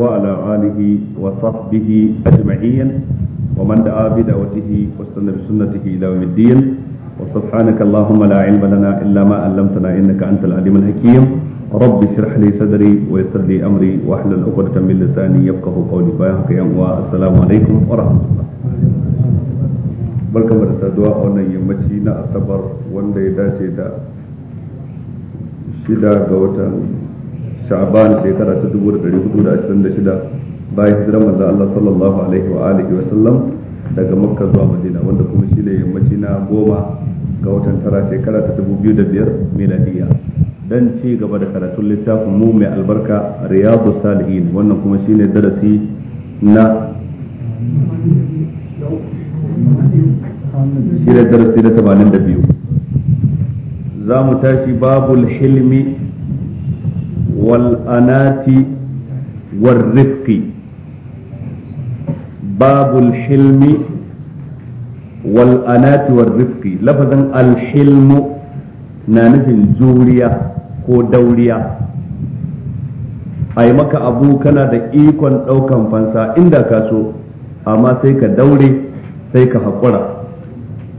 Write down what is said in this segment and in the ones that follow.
وعلى آله وصحبه أجمعين ومن دعا بدعوته واستنى بسنته إلى يوم الدين وسبحانك اللهم لا علم لنا إلا ما علمتنا إنك أنت العليم الحكيم رب اشرح لي صدري ويسر لي أمري واحلل عقدة من لساني يفقه قولي قيام والسلام عليكم ورحمة الله barkamu da saduwa a wannan yammaci na asabar wanda ya dace da shida ga watan sha'ban shekara ta 1426 bayan hijirar manzon Allah sallallahu alaihi wa alihi wa sallam daga Makka zuwa Madina wanda kuma shi ne yammaci na goma ga watan tara shekara ta biyar miladiya dan ci gaba da karatun littafin mu mai albarka riyadu salihin wannan kuma ne darasi na shine darasi na 82 za mu tashi babul hilmi والأنات والرفق باب الحلم والأنات والرفق لفظا الحلم نانفن زوريا ko dauriya Ai maka abu kana da ikon ɗaukan fansa inda ka so amma sai ka daure sai ka haƙura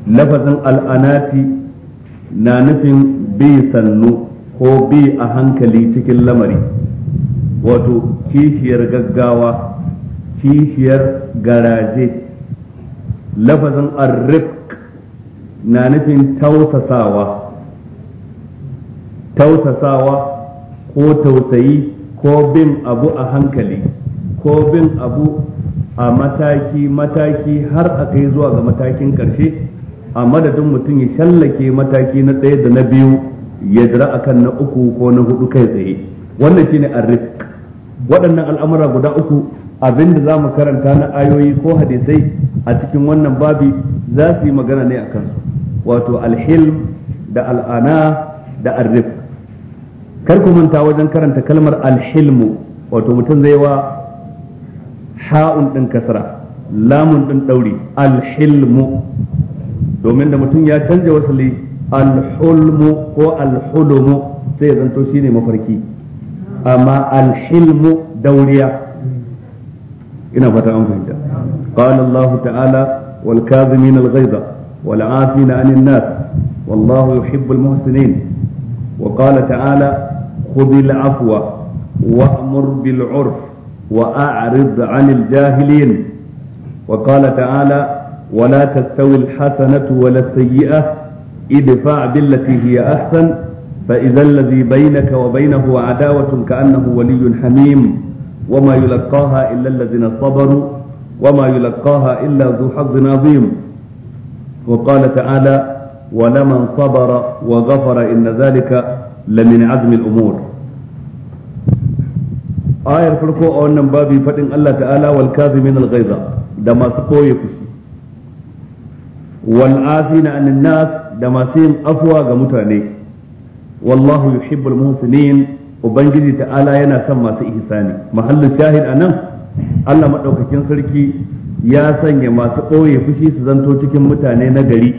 lafazin al'anati na nufin bi sannu ko bi a hankali cikin lamari wato kishiyar gaggawa kishiyar garaje lafazin arrifk na nufin tausasawa tausasawa ko tausayi ko bin abu a hankali ko bin abu a mataki-mataki har a kai zuwa ga matakin karshe a madadin mutum ya shallake mataki na ɗaya da na biyu ya jira akan na uku ko na hudu kai tsaye wannan shine arrisk waɗannan al'amura guda uku abinda za mu karanta na ayoyi ko hadisai a cikin wannan babi za su yi magana ne a kansu wato alhilm da al'ana da arrif kar ku manta wajen karanta kalmar alhilmu wato mutum zai wa ha'un din kasra lamun ɗin ɗauri alhilmu domin da mutum ya canja wasali الحلم هو الحلم سيد أنت شيني مفركي أما الحلم دوريا إنا فتاهم فهمت قال الله تعالى والكاظمين الغيظ والعافين عن الناس والله يحب المحسنين وقال تعالى خذ العفو وأمر بالعرف وأعرض عن الجاهلين وقال تعالى ولا تستوي الحسنة ولا السيئة ادفع بالتي هي أحسن فإذا الذي بينك وبينه عداوة كأنه ولي حميم وما يلقاها إلا الذين صبروا وما يلقاها إلا ذو حظ عظيم وقال تعالى ولمن صبر وغفر إن ذلك لمن عزم الأمور آية فرقو أو بابي فتن الله تعالى والكاظمين الغيظ دما سقوي يفسي والعافين عن الناس da masu yin afuwa ga mutane wallahu yuhibbul muhsinin ubangiji ta'ala yana son masu ihsani mahallin shahid anan Allah madaukakin sarki ya sanya masu ɓoye fushi su zanto cikin mutane na gari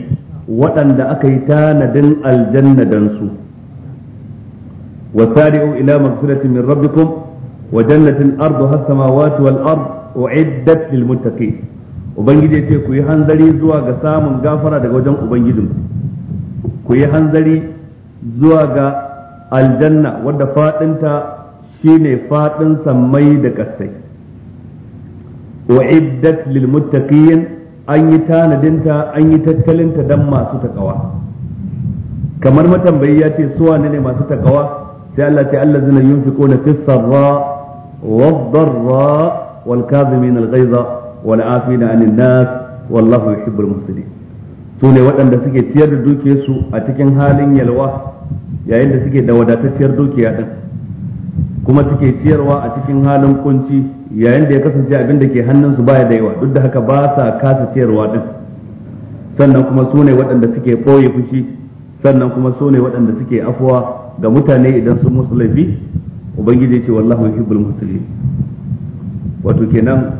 waɗanda aka yi tanadin aljanna dan su wasari'u ila magfiratin min rabbikum wa jannatin ardu has samawati wal ard u'iddat lil muttaqin ubangiji ce ku yi hanzari zuwa ga samun gafara daga wajen ubangijinku ku yi hanzari zuwa ga aljanna wadda faɗinta shine faɗin sammai da ƙasai wa'iddat lil muttaqin an yi tanadinta an yi tattalinta dan masu takawa kamar matambayi ya ce suwa ne masu takawa sai Allah ce Allah zina yunfiquna fis sarra والضراء والكاظمين الغيظ والعافين عن الناس والله يحب المحسنين su ne waɗanda suke ciyar da dukiyarsu a cikin halin yalwa yayin da suke da wadatacciyar dukiya ɗin kuma suke ciyarwa a cikin halin kunci yayin da ya kasance abin da ke hannunsu baya da yawa duk da haka ba sa kasa ciyarwa ɗin sannan kuma su ne waɗanda suke ɓoye fushi sannan kuma su ne waɗanda suke afuwa ga mutane idan sun musu laifi ubangiji ce wallahu yuhibbul muslimin wato kenan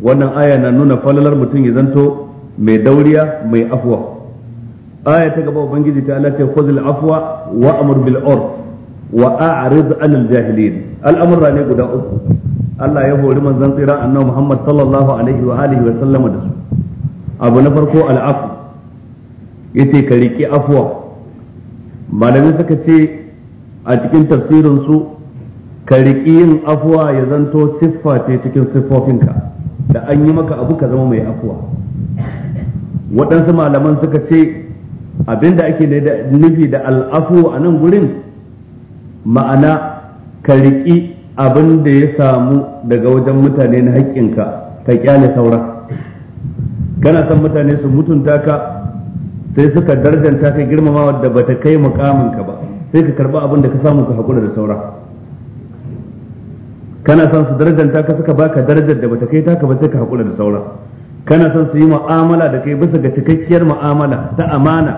wannan aya na nuna falalar mutum ya zanto mai dauriya mai afwa aya ta gaba ubangiji ta Allah ce khudh afwa wa amur bil urf wa a'rid anil jahilin al'amurra ne guda uku Allah ya hori manzon tsira annabi Muhammad sallallahu alaihi wa alihi wa sallama da su abu na farko al'afu yace ka riki afwa malamai suka ce a cikin tafsirin su ka riki yin afwa ya zanto siffa ce cikin siffofinka da an yi maka abu ka zama mai afwa waɗansu malaman suka ce abinda ake nufi da al'afu a nan gurin ma'ana ka riƙi abin da ya samu daga wajen mutane na haƙƙinka ka kyale saura. kana son mutane su mutunta ka sai suka darjanta ka girmamawa da bata kai mukaminka ba sai ka karɓi abin da ka samu ka haƙura da saura. kana son su darjanta ka suka baka darajar da bata kai taka ba sai ka haƙura da saura. kana son su yi mu'amala da kai bisa ga cikakkiyar mu'amala ta amana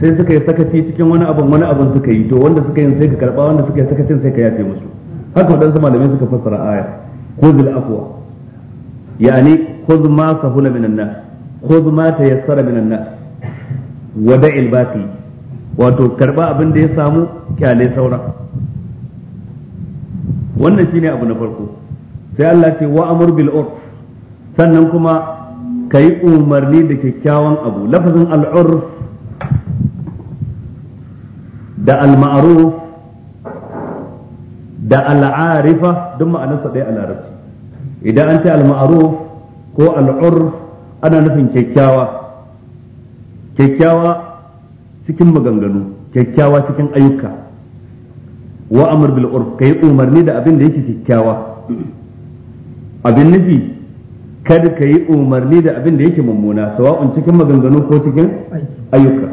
sai suka yi sakaci cikin wani abin wani abin suka yi to wanda suka yi sai ka karba wanda suka yi sakacin sai ka yafe musu haka wadansu malamai suka fassara aya khudhul afwa yani khudh ma sahula minan nas khudh ma tayassara minan nas da'il baqi wato karba abin da ya samu kyale saura wannan shine abu na farko sai Allah ce wa amur bil urf sannan kuma kai umarni da kyakkyawan abu lafazin al'urf da al-ma'ruf da al'arifa duk ma'anarsa ɗaya a larabci idan an ce al-ma'ruf ko al'urf ana nufin kyakkyawa kyakkyawa cikin maganganu kyakkyawa cikin ayyuka wa amr bil urf kai umarni da abin da yake kyakkyawa abin nufi kada ka yi umarni da abin da yake mummuna sawa'un cikin maganganu ko cikin ayyuka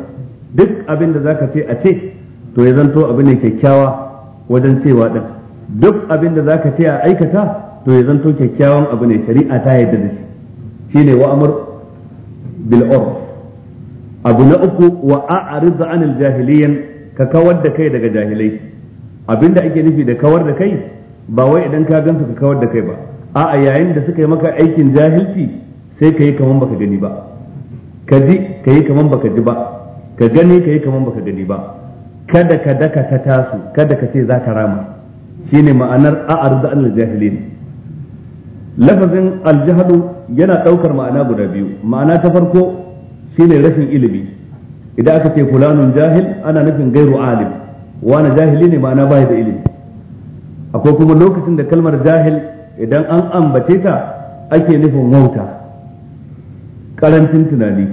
duk abin da zaka ce a ce to ya zanto abin ne kyakkyawa wajen cewa din duk abin da zaka ce a aikata to ya zanto kyakkyawan abu ne shari'a ta yarda da shi shine wa amr bil urf abu na uku wa a'rid anil jahiliyan ka kawar da kai daga jahilai Abin da ake nufi da kawar da kai ba wai idan ka gansu ka kawar da kai ba a'a yayin da suka yi maka aikin jahilci sai ka yi kaman baka gani ba ka ji ka yi kaman baka ji ba ka gani ka yi kaman baka gani ba kada ka daka ta tasu kada ka ce za ka rama shine ma'anar a'ar da annal jahilin lafazin aljahadu yana daukar ma'ana guda biyu ma'ana ta farko shine rashin ilimi idan aka ce fulanun jahil ana nufin gairu alim wani jahili ne ma'ana bai da ilimi akwai kuma lokacin da kalmar jahil idan an ambace ta ake nufin wauta karancin tunani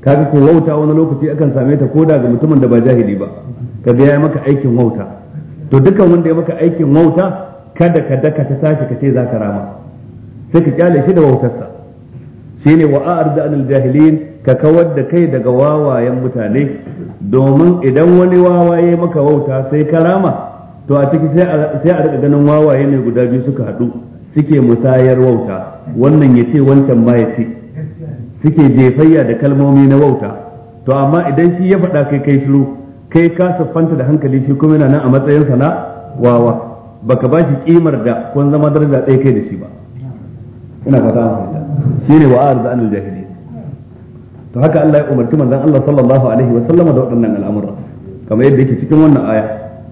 kaga ko wauta wani lokaci akan same ta koda ga mutumin da ba jahili ba kaga ya maka aikin wauta to dukan wanda ya maka aikin wauta kada ka daka ta tashi ka ce za ka rama sai ka kyale shi da wautarsa shine wa a'rida anil jahilin ka kawar da kai daga wawayen mutane domin idan wani wawa ya maka wauta sai ka rama to a ciki sai a rika ganin wawaye ne guda biyu suka haɗu suke musayar wauta wannan ya ce wancan ma ya ce suke jefayya da kalmomi na wauta to amma idan shi ya faɗa kai kai shiru kai ka siffanta da hankali shi kuma yana nan a matsayin sana wawa baka ba shi kimar da kun zama daraja ɗaya kai da shi ba ina fata an fahimta shine wa arza anil jahili to haka Allah ya umarci manzon Allah sallallahu alaihi wa sallama da waɗannan al'amura kamar yadda yake cikin wannan aya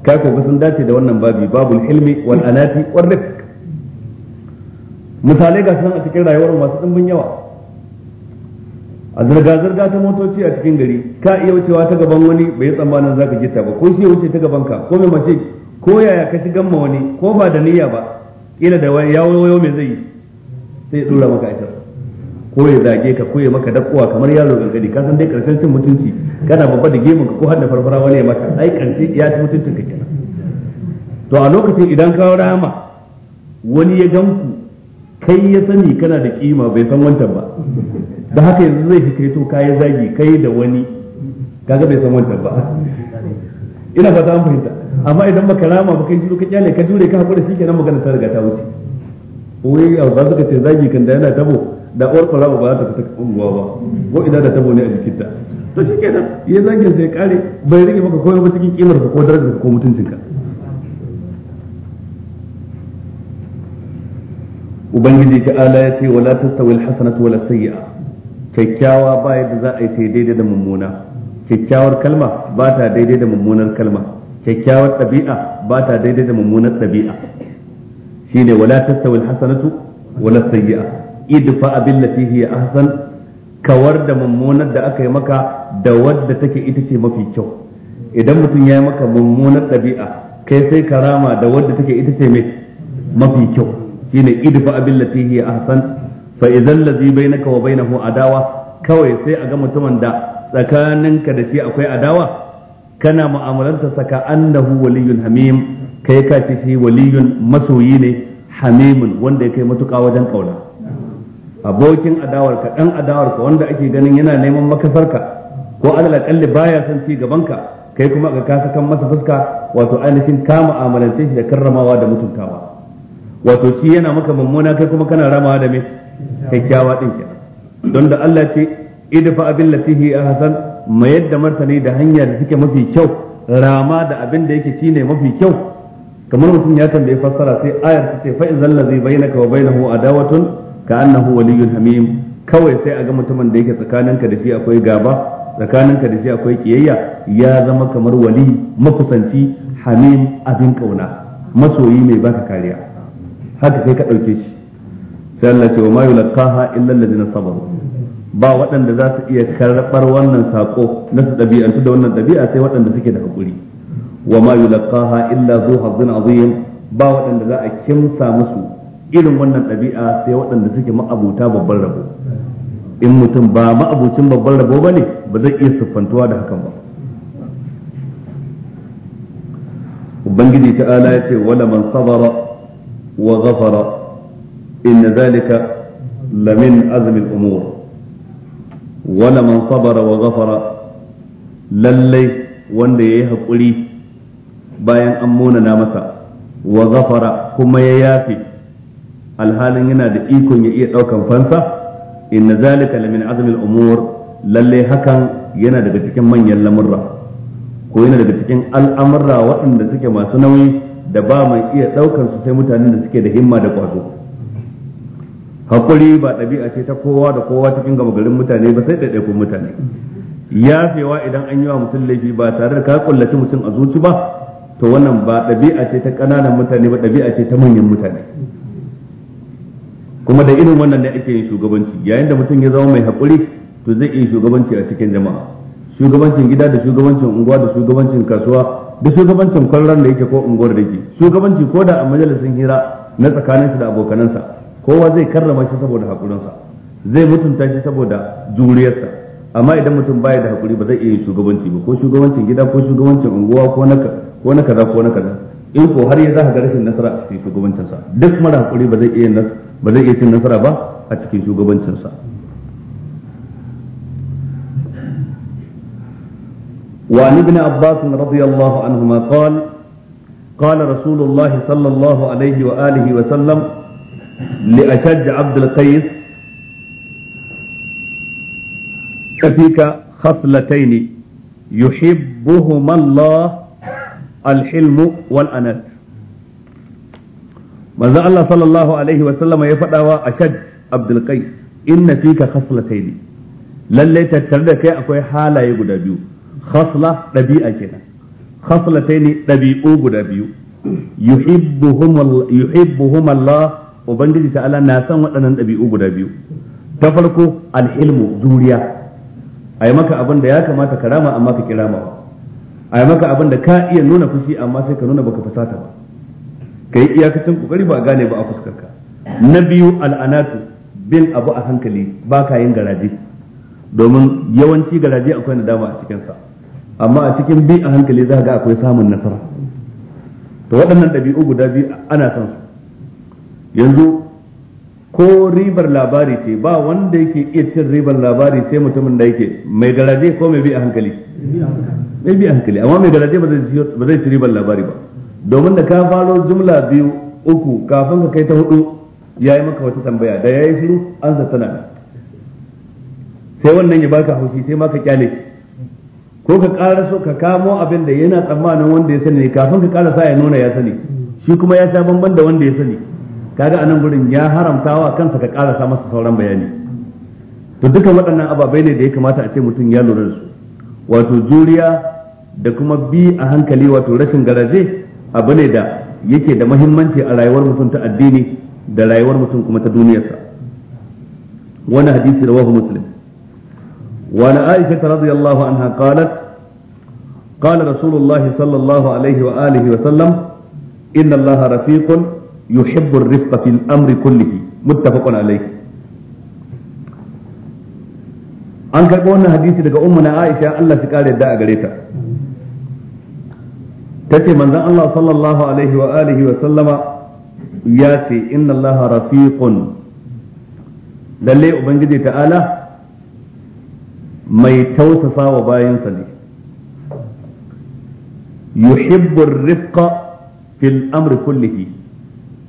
kai ko sun dace da wannan babi babul ilmi wal anati war rifq misalai ga sun a cikin rayuwar masu ɗimbin yawa a zirga-zirga ta motoci a cikin gari ka iya wucewa ta gaban wani bai yi tsammanin zaka ta ba ko shi ya wuce ta gaban ka ko mai mace ko yaya ka shigan ma wani ko ba da niyya ba kila da yawon wayo mai zai sai ya dora maka ita ko ya zage ka ko ya maka dakkuwa kamar yaro gangadi ka san dai karshen cin mutunci kana babba da gemun ka ko har da farfara wani ya maka ai karshe ya ci mutuncin ka kenan to a lokacin idan ka rama wani ya ganku kai ya sani kana da kima bai san wancan ba da haka yanzu zai fi kai to kai zagi kai da wani kaga bai san wancan ba ina fata an fahimta amma idan baka rama baka yi ka kyale ka dure ka hakura shikenan magana ta riga ta wuce wai a ba suka ce zagi kan da yana tabo da uwar kwalaba ba za ta fita unguwa ba ko idan da tabo ne a jikinta to shikenan ya zagin sai kare bai rage maka komai ba cikin kimar ka ko darajar ka ko mutuncinka ubangiji ta ala ya ce wala tastawi alhasanatu wala sayyi'a kyakkyawa ba yadda za a yi ta daidai da mummuna kyakkyawar kalma ba ta daidai da mummunar kalma kyakkyawar ɗabi'a ba ta daidai da mummunar ɗabi'a shine wala tastawi alhasanatu wala sayyi'a idfa billati hiya ahsan kawar da mummunar da aka yi maka da wadda take ita ce mafi kyau idan mutum ya yi maka mummunar ɗabi'a kai sai karama da wadda take ita ce mafi kyau shine idfa abillati hi ahsan fa idzal ladhi bainaka wa bainahu adawa kawai sai a ga mutumin da tsakaninka da shi akwai adawa kana mu'amalanta saka annahu waliyun hamim kai ka ce shi waliyun masoyi ne hamimun wanda ya kai matuƙa wajen kauna abokin adawarka dan adawarka wanda ake ganin yana neman makasarka ko alal kalli baya son ci gabanka kai kuma ka kasa kan masa fuska wato ainihin ka mu'amalance shi da karramawa da mutuntawa wato shi yana maka mummuna kai kuma kana ramawa da mai kyakkyawa din ke don da Allah ce idfa abin latihi ahsan mayar da martani da hanya da take mafi kyau rama da abin da yake shine mafi kyau kamar mutum ya tambaye fassara sai ayar ta ce fa idzal ladhi bainaka wa bainahu adawatun ka annahu waliyyun hamim kawai sai a ga mutumin da yake tsakaninka da shi akwai gaba tsakaninka da shi akwai kiyayya ya zama kamar wali makusanci hamim abin kauna masoyi mai baka kariya haka sai ka ɗauke shi sai Allah ce wa ma yulqaha illa allazina sabaru ba waɗanda za su iya karɓar wannan sako na su ɗabi'antu da wannan ɗabi'a sai waɗanda suke da haƙuri wa mayu lakaha illa zu hazzin azim ba waɗanda za a kimsa musu irin wannan ɗabi'a sai waɗanda suke ma'abuta babban rabo in mutum ba ma'abucin babban rabo ba ne ba zai iya siffantuwa da hakan ba ubangiji ta'ala ya ce wala man sabara وغفر إن ذلك لمن عزم الأمور ولمن صبر وغفر للي wanda ya yi haƙuri bayan an na masa wa gafara kuma ya yafe alhalin yana da ikon ya iya ɗaukan fansa inna zalika lamin azmil umur lalle hakan yana daga cikin manyan lamurra ko yana daga cikin al'amurra waɗanda suke masu nauyi da ba mai iya ɗaukar su sai mutanen da suke da himma da ƙwazo hakuri ba ɗabi'a ce ta kowa da kowa cikin gama garin mutane ba sai ɗaiɗaikun mutane yafewa idan an yi wa mutum laifi ba tare da ka kullaci mutum a zuci ba to wannan ba ɗabi'a ce ta ƙananan mutane ba ɗabi'a ce ta manyan mutane kuma da irin wannan ne ake yin shugabanci yayin da mutum ya zama mai haƙuri to zai iya shugabanci a cikin jama'a shugabancin gida da shugabancin unguwa da shugabancin kasuwa da shugabancin kwallon da yake ko unguwar da yake shugabanci ko da a majalisin hira na tsakanin shi da abokanansa kowa zai karrama shi saboda hakurinsa zai mutunta shi saboda juriyarsa amma idan mutum baya da hakuri ba zai iya yin shugabanci ba ko shugabancin gida ko shugabancin unguwa ko na ko na kaza ko na kaza in ko har ya zaka ga rashin nasara a cikin shugabancinsa duk mara hakuri ba zai iya ba zai iya cin nasara ba a cikin shugabancinsa وعن ابن عباس رضي الله عنهما قال قال رسول الله صلى الله عليه وآله وسلم لأشج عبد القيس فيك خصلتين يحبهما الله الحلم والانس ماذا الله صلى الله عليه وسلم يفعل أشج عبد القيس إن فيك خصلتين لن ليتك تردك يا أخوي حالا يقول khasla ɗabi'a kenan khaslatayn ɗabi'u guda biyu yuhibbuhum Allah ubangiji ta'ala na san waɗannan ɗabi'u guda biyu ta farko alhilmu juriya yi maka abin da ya kamata ka rama amma ka kirama yi maka abin da ka iya nuna fushi amma sai ka nuna baka fusata ba yi iyakacin kokari ba gane ba a fuskarka na biyu al'anatu bin abu a hankali ba ka yin garaje domin yawanci garaje akwai nadama a cikinsa amma a cikin bi a hankali za ga akwai samun nasara to waɗannan ɗabi'u guda biyu ana son su yanzu ko ribar labari ce ba wanda yake iya cin ribar labari sai mutumin da yake mai garaje ko mai bi a hankali mai bi a hankali amma mai garaje ba zai ci ribar labari ba domin da ka faro jumla biyu uku kafin ka kai ta hudu ya yi maka wata tambaya da ya yi shiru an sa sai wannan ya baka haushi sai ma ka kyale shi ko ka ƙara so ka kamo abin da yana tsammanin wanda ya sani kafin ka ƙara sa ya nuna ya sani shi kuma ya sha bamban da wanda ya sani kaga anan gurin ya haramtawa kansa ka ƙara sa masa sauran bayani to dukan waɗannan ababai ne da ya kamata a ce mutum ya lura da su wato juriya da kuma bi a hankali wato rashin garaje abu ne da yake da mahimmanci a rayuwar mutum ta addini da rayuwar mutum kuma ta duniyarsa wani hadisi rawahu muslim وعن عائشة رضي الله عنها قالت قال رسول الله صلى الله عليه وآله وسلم إن الله رفيق يحب الرفق في الأمر كله متفق عليه an karɓi wannan hadisi daga ummu na Aisha Allah shi kare da a gare ta ce manzan Allah sallallahu alaihi wa alihi wa sallama ya ce inna Allah rafiqun lalle ubangiji ta'ala mai tausasa wa bayansa ne yuhibbu rifqa fil amri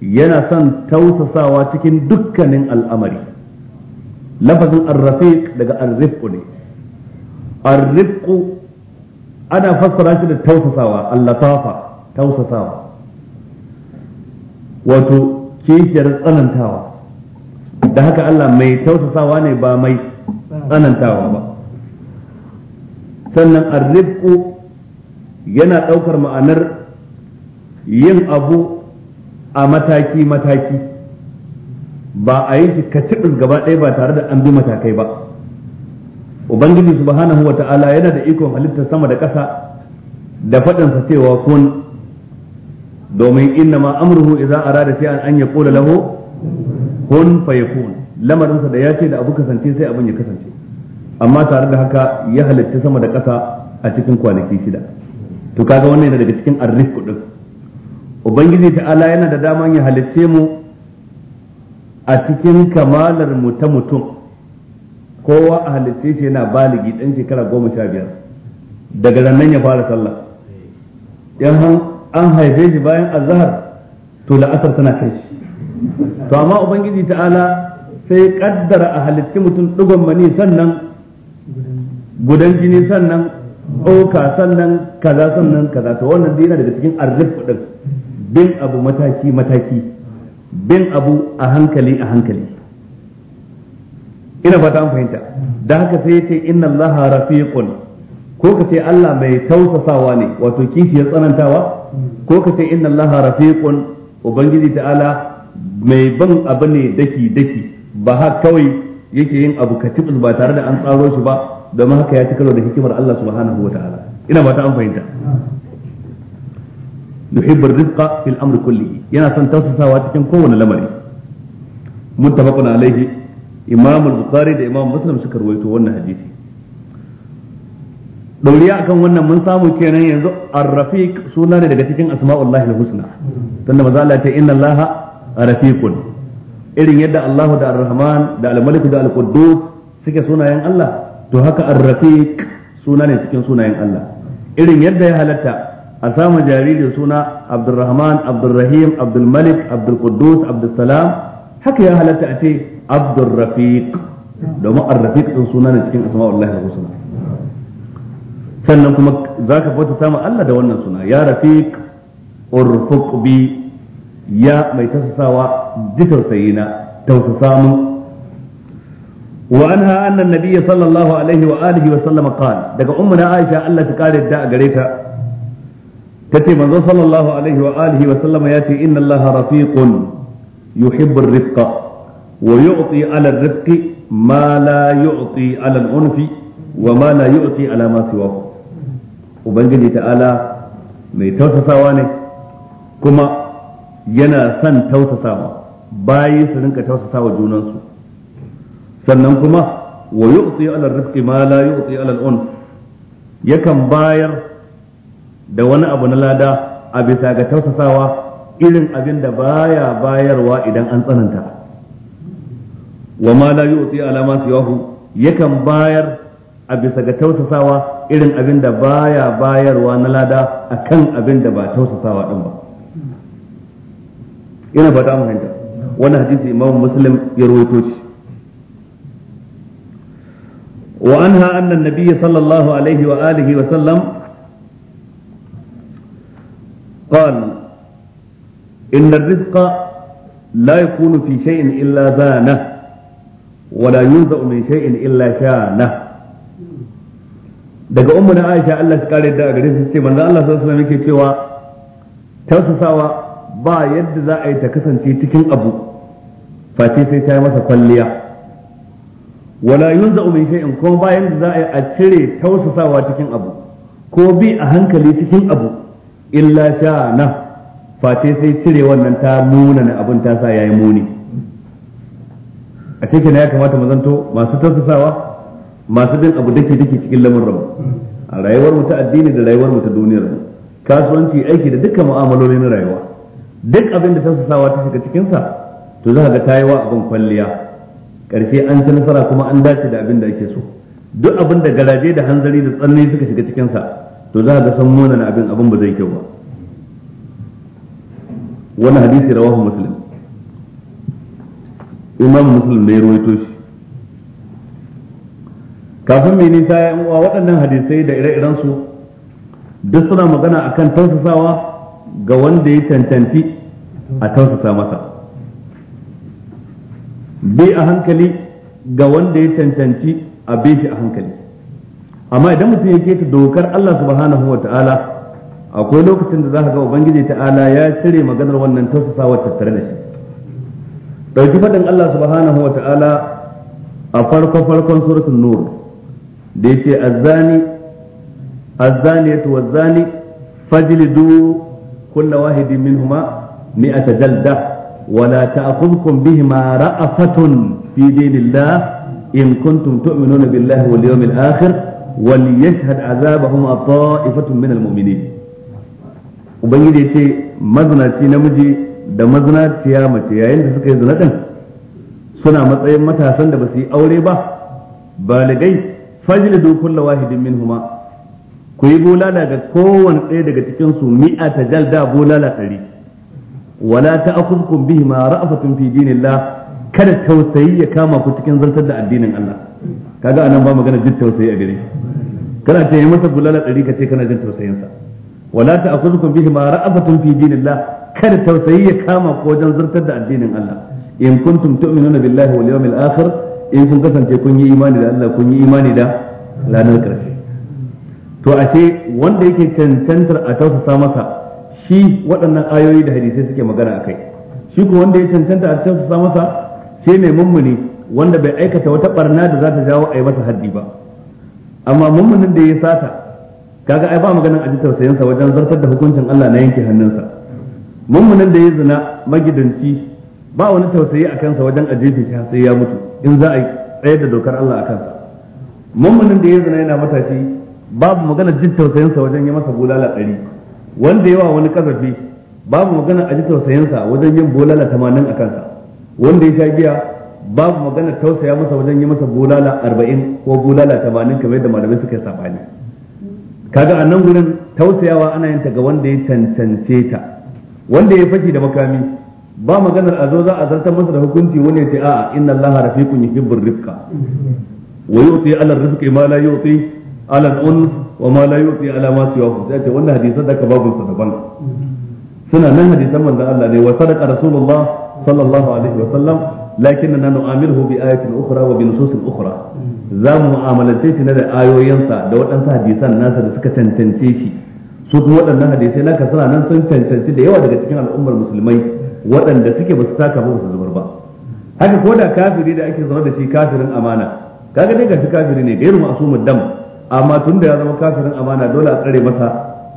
yana son tausasawa cikin dukkanin al'amari lafazin arrafiq daga arrifqu ne arrifqu ana fassara shi da tausasawa allafafa tausasawa wato kishiyar tsanantawa da haka Allah mai tausasawa ne ba mai tsanantawa ba sannan arrifqu yana ɗaukar ma'anar yin abu a mataki-mataki ba a yi shi kaciɗin gaba ɗaya ba tare da an bi matakai ba ubangiji subhanahu wa ta'ala yana da ikon halittar sama da ƙasa da faɗinsa cewa kun domin inna ma amruhu idza arada shay'an an yaqula lahu kun fayakun lamarinsa da ya ce da abu kasance sai abin ya kasance amma tare da haka ya halitta sama da ƙasa a cikin kwanaki shida to kaga wannan yana daga cikin arrifku din ubangiji ta ala yana da daman ya halicce mu a cikin kamalar mu ta mutum kowa a halicce shi yana baligi dan shekara goma sha biyar daga nan ya fara sallah yan an haife shi bayan azhar to la'asar tana kai shi to amma ubangiji ta ala sai kaddara a halicci mutum digon mani sannan gudan jini sannan ɗauka sannan kaza sannan kaza to wannan dai yana daga cikin arzik din bin abu mataki mataki bin abu a hankali a hankali ina fata an fahimta da haka sai ya ce inna allaha rafiqun ko ka ce Allah mai tausasawa ne wato kishiyar tsanantawa ko ka ce inna allaha rafiqun ubangiji ta'ala mai ban abu ne daki daki ba har kawai yake yin abu katibul ba tare da an tsaro shi ba domin haka ya ci karo da hikimar Allah subhanahu wataala ina ba ta an fahimta yuhibbu rizqa fil amri kulli yana son tausasawa cikin kowane lamari muttafaqun alaihi imam al-bukhari da imam muslim suka rawaito wannan hadisi dauriya akan wannan mun samu kenan yanzu ar-rafiq suna ne daga cikin asma'ullahi al-husna tunda manzo Allah ya ce inna allaha rafiqun irin yadda Allahu da Ar-Rahman da Al-Malik da Al-Quddus suke sunayen Allah to haka ar suna ne cikin sunayen Allah irin yadda ya halatta a samu jariri suna Abdulrahman Abdulrahim Abdulmalik Abdulquddus Abdulsalam haka ya halatta a ce Abdulrafiq domin ar suna ne cikin asma'ullahi Allah. sannan kuma zaka bauta samu Allah da wannan suna ya rafiq urfuq bi ya mai tasasawa ji tausayina tausasa mun وأنها أن النبي صلى الله عليه وآله وسلم قال دقى أمنا عائشة ألا تقال الداء قريتا تتي من صلى الله عليه وآله وسلم يأتي إن الله رفيق يحب الرفق ويعطي على الرفق ما لا يعطي على العنف وما لا يعطي على ما سواه وبنجي تعالى mai tausasawa ne kuma yana son tausasawa bayi su rinka tausasawa junansu sannan kuma wa yu'ti ala rifqi ma la yu'ti ala al-unf yakan bayar da wani abu na lada a bisa ga tausasawa irin abin da baya bayarwa idan an tsananta wa ma la yu'ti ala ma siwahu yakan bayar a bisa ga tausasawa irin abin da baya bayarwa na lada akan abin da ba tausasawa din ba ina ba ta fahimta wannan hadisi imamu muslim ya rawaito shi وأنهى أن النبي صلى الله عليه وآله وسلم قال إن الرزق لا يكون في شيء إلا زانه ولا ينزأ من شيء إلا شانه daga ummu na Aisha Allah ya kare da gare su ce manzo Allah sallallahu alaihi wasallam yake cewa tausasawa ba yadda za a yi ta kasance cikin abu face sai ta yi masa kwalliya wala yunza'u min shay'in kuma bayan da za a yi a cire tausasawa cikin abu ko bi a hankali cikin abu illa sha'ana, face sai cire wannan ta nuna na abin ta sa yayi muni a cikin ya kamata mu zanto masu tausasawa masu bin abu dake dake cikin lamarin a rayuwar mu ta addini da rayuwar mu ta duniyar mu kasuwanci aiki da dukkan mu'amaloli na rayuwa duk abin da tausasawa ta shiga cikin sa to za ka ga tayi wa abin kwalliya karshe an ci nasara kuma an dace da abin da ake so duk abin da garaje da hanzari da tsanani suka shiga cikin sa to za ga san mona abin abin ba zai kyau ba wani hadisi rawahu muslim imam muslim ne rawaito shi kafin mai nisa ya uwa waɗannan hadisai da ire-iren su duk suna magana akan tausasawa ga wanda ya tantanci a tausasa masa bi a hankali ga wanda ya cancanci a bi shi a hankali amma idan mutum ya keta dokar Allah subhanahu wa ta'ala akwai lokacin da za ka ga ubangiji ta'ala ya cire maganar wannan wa tattare da shi dauki faɗin Allah subhanahu wa ta'ala a farko farkon suratul nur da yace azzani azzaniyatu wazzani fajlidu kulla wahidin minhumma mi'ata jaldah ولا تأخذكم بهما رأفة في دين الله إن كنتم تؤمنون بالله واليوم الآخر وليشهد عذابهما طائفة من المؤمنين ubangiji ya ce mazinaci namiji da mazinaciya mace yayin da suka yi zina din suna matsayin matasan da ba su yi aure ba baligai fajlidu kullu wahidin minhuma ku yi bulala ga kowane ɗaya daga cikin su mi'a ta jalda bulala ɗari wala ta'khudhukum bihima ra'fatun fi dinillah kada tausayi ya kama ku cikin zantar da addinin Allah kaga anan ba magana jin tausayi a gare kana ce masa bulala ɗari ka ce kana jin tausayin sa wala ta'khudhukum bihima ra'fatun fi dinillah kada tausayi ya kama ku wajen zartar da addinin Allah in kuntum tu'minuna billahi wal yawmil in kun kasance kun yi imani da Allah kun yi imani da ranar to ashe wanda yake cancantar a tausasa masa shi waɗannan ayoyi da hadisai suke magana akai shi ku wanda ya cancanta a cikin sa masa sai mai mummuni wanda bai aikata wata barna da za ta jawo a yi masa haddi ba amma mummunin da ya sata kaga ai ba maganin a tausayin sa wajen zartar da hukuncin Allah na yanke hannunsa mummunin da ya zina magidanci ba wani tausayi a kansa wajen jefe shi sai ya mutu in za a tsayar da dokar Allah a kansa mummunin da ya zina yana matashi babu maganar jin tausayinsa wajen yi masa bulala ɗari wanda yawa wani kazafi babu magana a ji tausayinsa wajen yin bolala tamanin a kansa wanda ya sha giya babu magana tausaya masa wajen yi masa bolala arba'in ko bolala tamanin kamar da malamai suka yi sabani kaga a nan gurin tausayawa ana yin ta ga wanda ya cancance ta wanda ya fashi da makami ba maganar a zo za a zartar masa da hukunci wani ya ce a'a inna allaha rafiqun yuhibbur rifqa wa yu'ti ala rifqi ma la yu'ti ala al wa ma la yuti ala ma siwa sai ce wannan hadisan da ka babu sa suna nan hadisan manzon Allah ne wa sadaqa rasulullah sallallahu alaihi wa sallam lakinna nu'amiluhu bi ayatin ukhra wa bi nususin ukhra za mu mu'amalance shi na da ayoyinsa da waɗansu hadisan nasa da suka cancance shi su kuma waɗannan hadisai na kasara nan sun cancanci da yawa daga cikin al'ummar musulmai waɗanda suke basu taka ba su zubar ba haka ko da kafiri da ake zaune da shi kafirin amana kaga dai gashi kafiri ne gairu mu dam amma tun da ya zama kafirin amana dole a tsare masa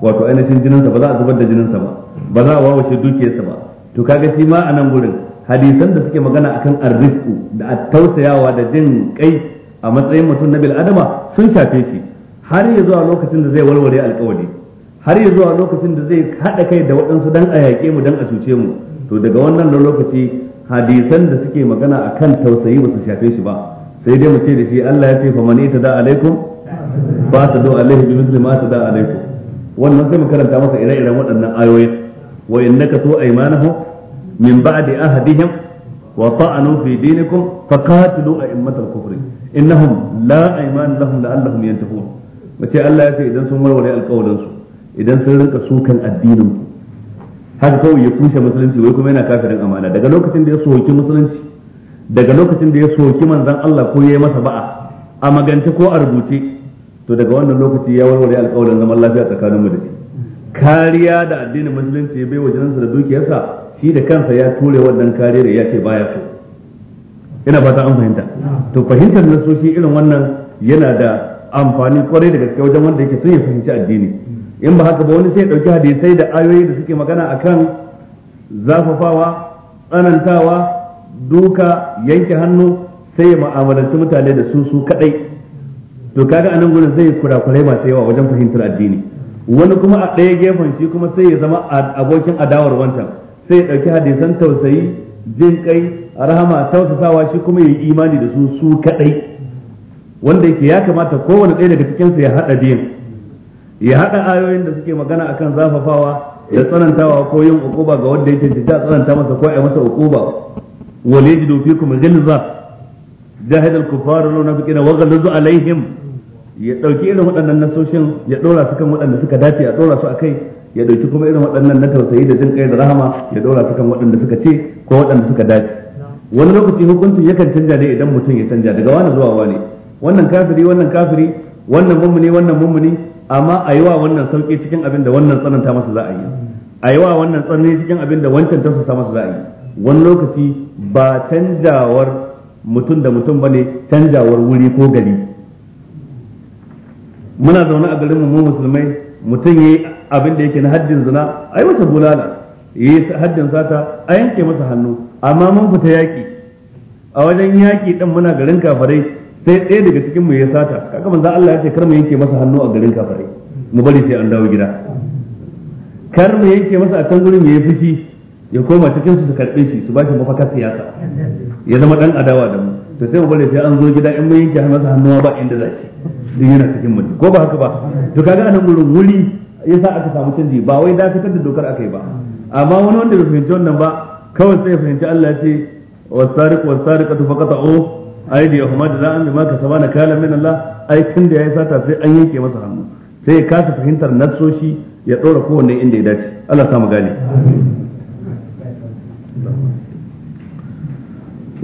wato ainihin jininsa ba za a zubar da jininsa ba ba za a wawace dukiyarsa ba to kaga shi ma a nan gurin hadisan da suke magana akan arziku da a tausayawa da jin kai a matsayin mutum na bil'adama sun shafe shi har ya zuwa lokacin da zai warware alkawari har ya zuwa lokacin da zai haɗa kai da waɗansu dan a yaƙe mu dan a cuce mu to daga wannan lokaci hadisan da suke magana akan tausayi ba su shafe shi ba sai dai mu ce da shi Allah ya ce fa mani ta da alaikum ba ta don alaihi bi misli ma ta da alaikum wannan sai mu karanta masa ire-iren waɗannan ayoyin wa innaka tu aymanahum min ba'di ahadihim wa ta'anu fi dinikum faqatilu a'immatal kufr innahum la ayman lahum la'allahum yantahun mace Allah ya ce idan sun warware alƙawarin su idan sun rinka sukan addinin ku haka kawai ya kushe musulunci wai kuma yana kafirin amana daga lokacin da ya soki musulunci daga lokacin da ya soki manzon Allah ko ya yi masa ba'a a magance ko a rubuce to daga wannan lokaci ya warware alƙawarin zaman lafiya tsakanin mu da shi kariya da addinin musulunci bai wa jinansa da dukiyarsa shi da kansa ya ture wannan kariyar ya ce baya so ina fata an fahimta to fahimtar soshi irin wannan yana da amfani kwarai da gaske wajen wanda yake son ya fahimci addini in ba haka ba wani sai ya dauki hadisai da ayoyi da suke magana akan zafafawa tsanantawa duka yanke hannu sai ya mu'amalanci mutane da su su kadai to kaga anan gurin zai kurakurai masu yawa wajen fahimtar addini wani kuma a ɗaya gefen shi kuma sai ya zama abokin adawar wancan sai ya ɗauki hadisan tausayi jin kai rahama tausasawa shi kuma ya yi imani da su su kaɗai wanda yake ya kamata kowane ɗaya daga cikinsu ya haɗa biyun ya haɗa ayoyin da suke magana akan zafafawa ya tsanantawa ko yin ukuba ga wanda yake ta tsananta masa ko a masa ukuba wal yajidu fikum ghilza jahidul kuffar la nafiqina wa ghilzu alaihim ya dauki irin waɗannan nasoshin ya dora su kan waɗanda suka dace a dora su a kai ya dauki kuma irin waɗannan na tausayi da jin kai da rahama ya dora su kan waɗanda suka ce ko waɗanda suka dace wani lokaci hukuncin yakan canja ne idan mutum ya canja daga wani zuwa wani wannan kafiri wannan kafiri wannan mummuni wannan mummuni amma a yi wa wannan sauki cikin abin da wannan tsananta masa za a yi a yi wa wannan tsanani cikin abin da wancan tausasa masa za a yi wani lokaci ba canjawar mutum da mutum bane canjawar wuri ko gari muna zaune a garin mu musulmai mutum yi abin da yake na haddin zina ai masa bulala yi haddin sata a yanke masa hannu amma mun fita yaki a wajen yaki din muna garin kafarai sai ɗaya daga cikin mu ya sata kaga manzo Allah ya ce kar mu yanke masa hannu a garin kafarai mu bari sai an dawo gida kar mu yanke masa a kan gurin yi fushi ya koma cikin su su karɓe shi su ba shi mafakar siyasa ya zama dan adawa da mu to sai mu bari sai an zo gida in mun yanke masa hannu ba inda zaki din yana cikin mutu ko ba haka ba to kaga anan gurin wuri yasa aka samu canji ba wai dakatar da dokar akai ba amma wani wanda bai fahimci wannan ba kawai sai ya fahimci Allah ya ce wasariq wasariqatu faqata'u aydiyahuma jaza'an bima kasabana kala min Allah ai tun da yayi sata sai an yanke masa hannu sai ya kasa fahimtar nassoshi ya dora kowanne inda ya dace Allah samu gane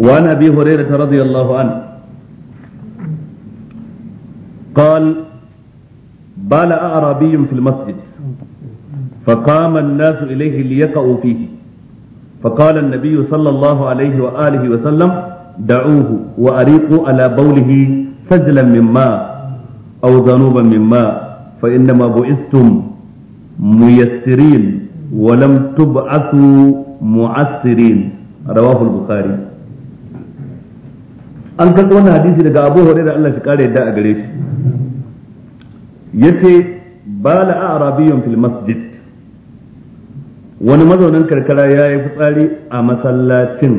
وعن ابي هريره رضي الله عنه قال بال أعرابي في المسجد فقام الناس إليه ليقعوا فيه فقال النبي صلى الله عليه وآله وسلم دعوه وأريقوا على بوله فجلا من ماء أو ذنوبا من ماء فإنما بعثتم ميسرين ولم تبعثوا معسرين رواه البخاري an karɓi wannan hadisi daga Abu Hurairah Allah shi kare yadda a gare shi yace bala arabiyyun fil masjid wani mazaunin karkara ya yi fitsari a masallacin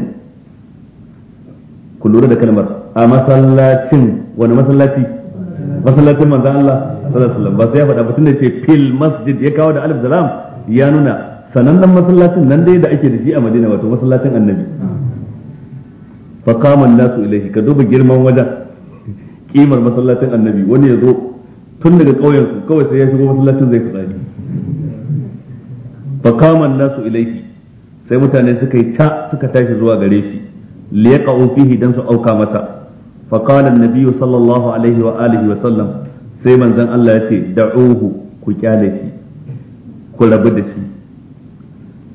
ku lura da kalmar a masallacin wani masallaci masallacin manzan Allah sallallahu alaihi ba sai ya faɗa ba tunda ce fil masjid ya kawo da alif da ya nuna sanannen masallacin nan dai da ake da shi a Madina wato masallacin Annabi fa kama nasu ilaihi ka duba girman wajen kimar masallacin annabi wani ya zo tun daga ƙauyen su kawai sai ya shigo masallacin zai fitsari fa kama nasu ilaihi sai mutane suka yi ta suka tashi zuwa gare shi liyaqa'u fihi dan su auka masa fa qala an sallallahu alaihi wa alihi wa sallam sai manzon Allah ya ce da'uhu ku kyale shi ku rabu da shi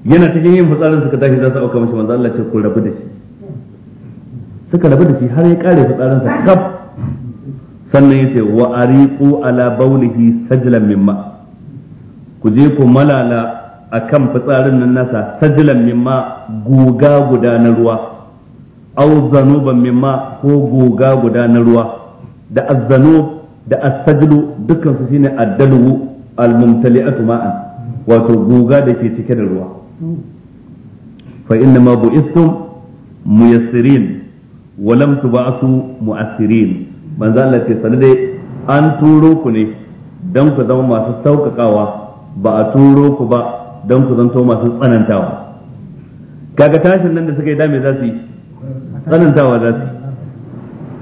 yana cikin yin fitsarin suka tashi za su auka mashi manzon Allah ce ku rabu da shi suka rabu da shi har ya kare fitsarinsa kaf sannan yace wa ariqu ala bawlihi sajlan mimma ku je ku malala akan fitsarin nan nasa sajlan mimma guga guda na ruwa aw zanuban mimma ko guga guda na ruwa da azanu da asajlu dukkan su shine addalu almumtali'atu ma'an wato guga da ke cike da ruwa fa inna ma bu'istum muyassirin walam tuba'su mu'assirin manzo Allah ce sanin dai an turo ku ne dan ku zama masu saukakawa ba a turo ku ba dan ku zanto masu tsanantawa kaga tashin nan da suka yi da za su yi tsanantawa za su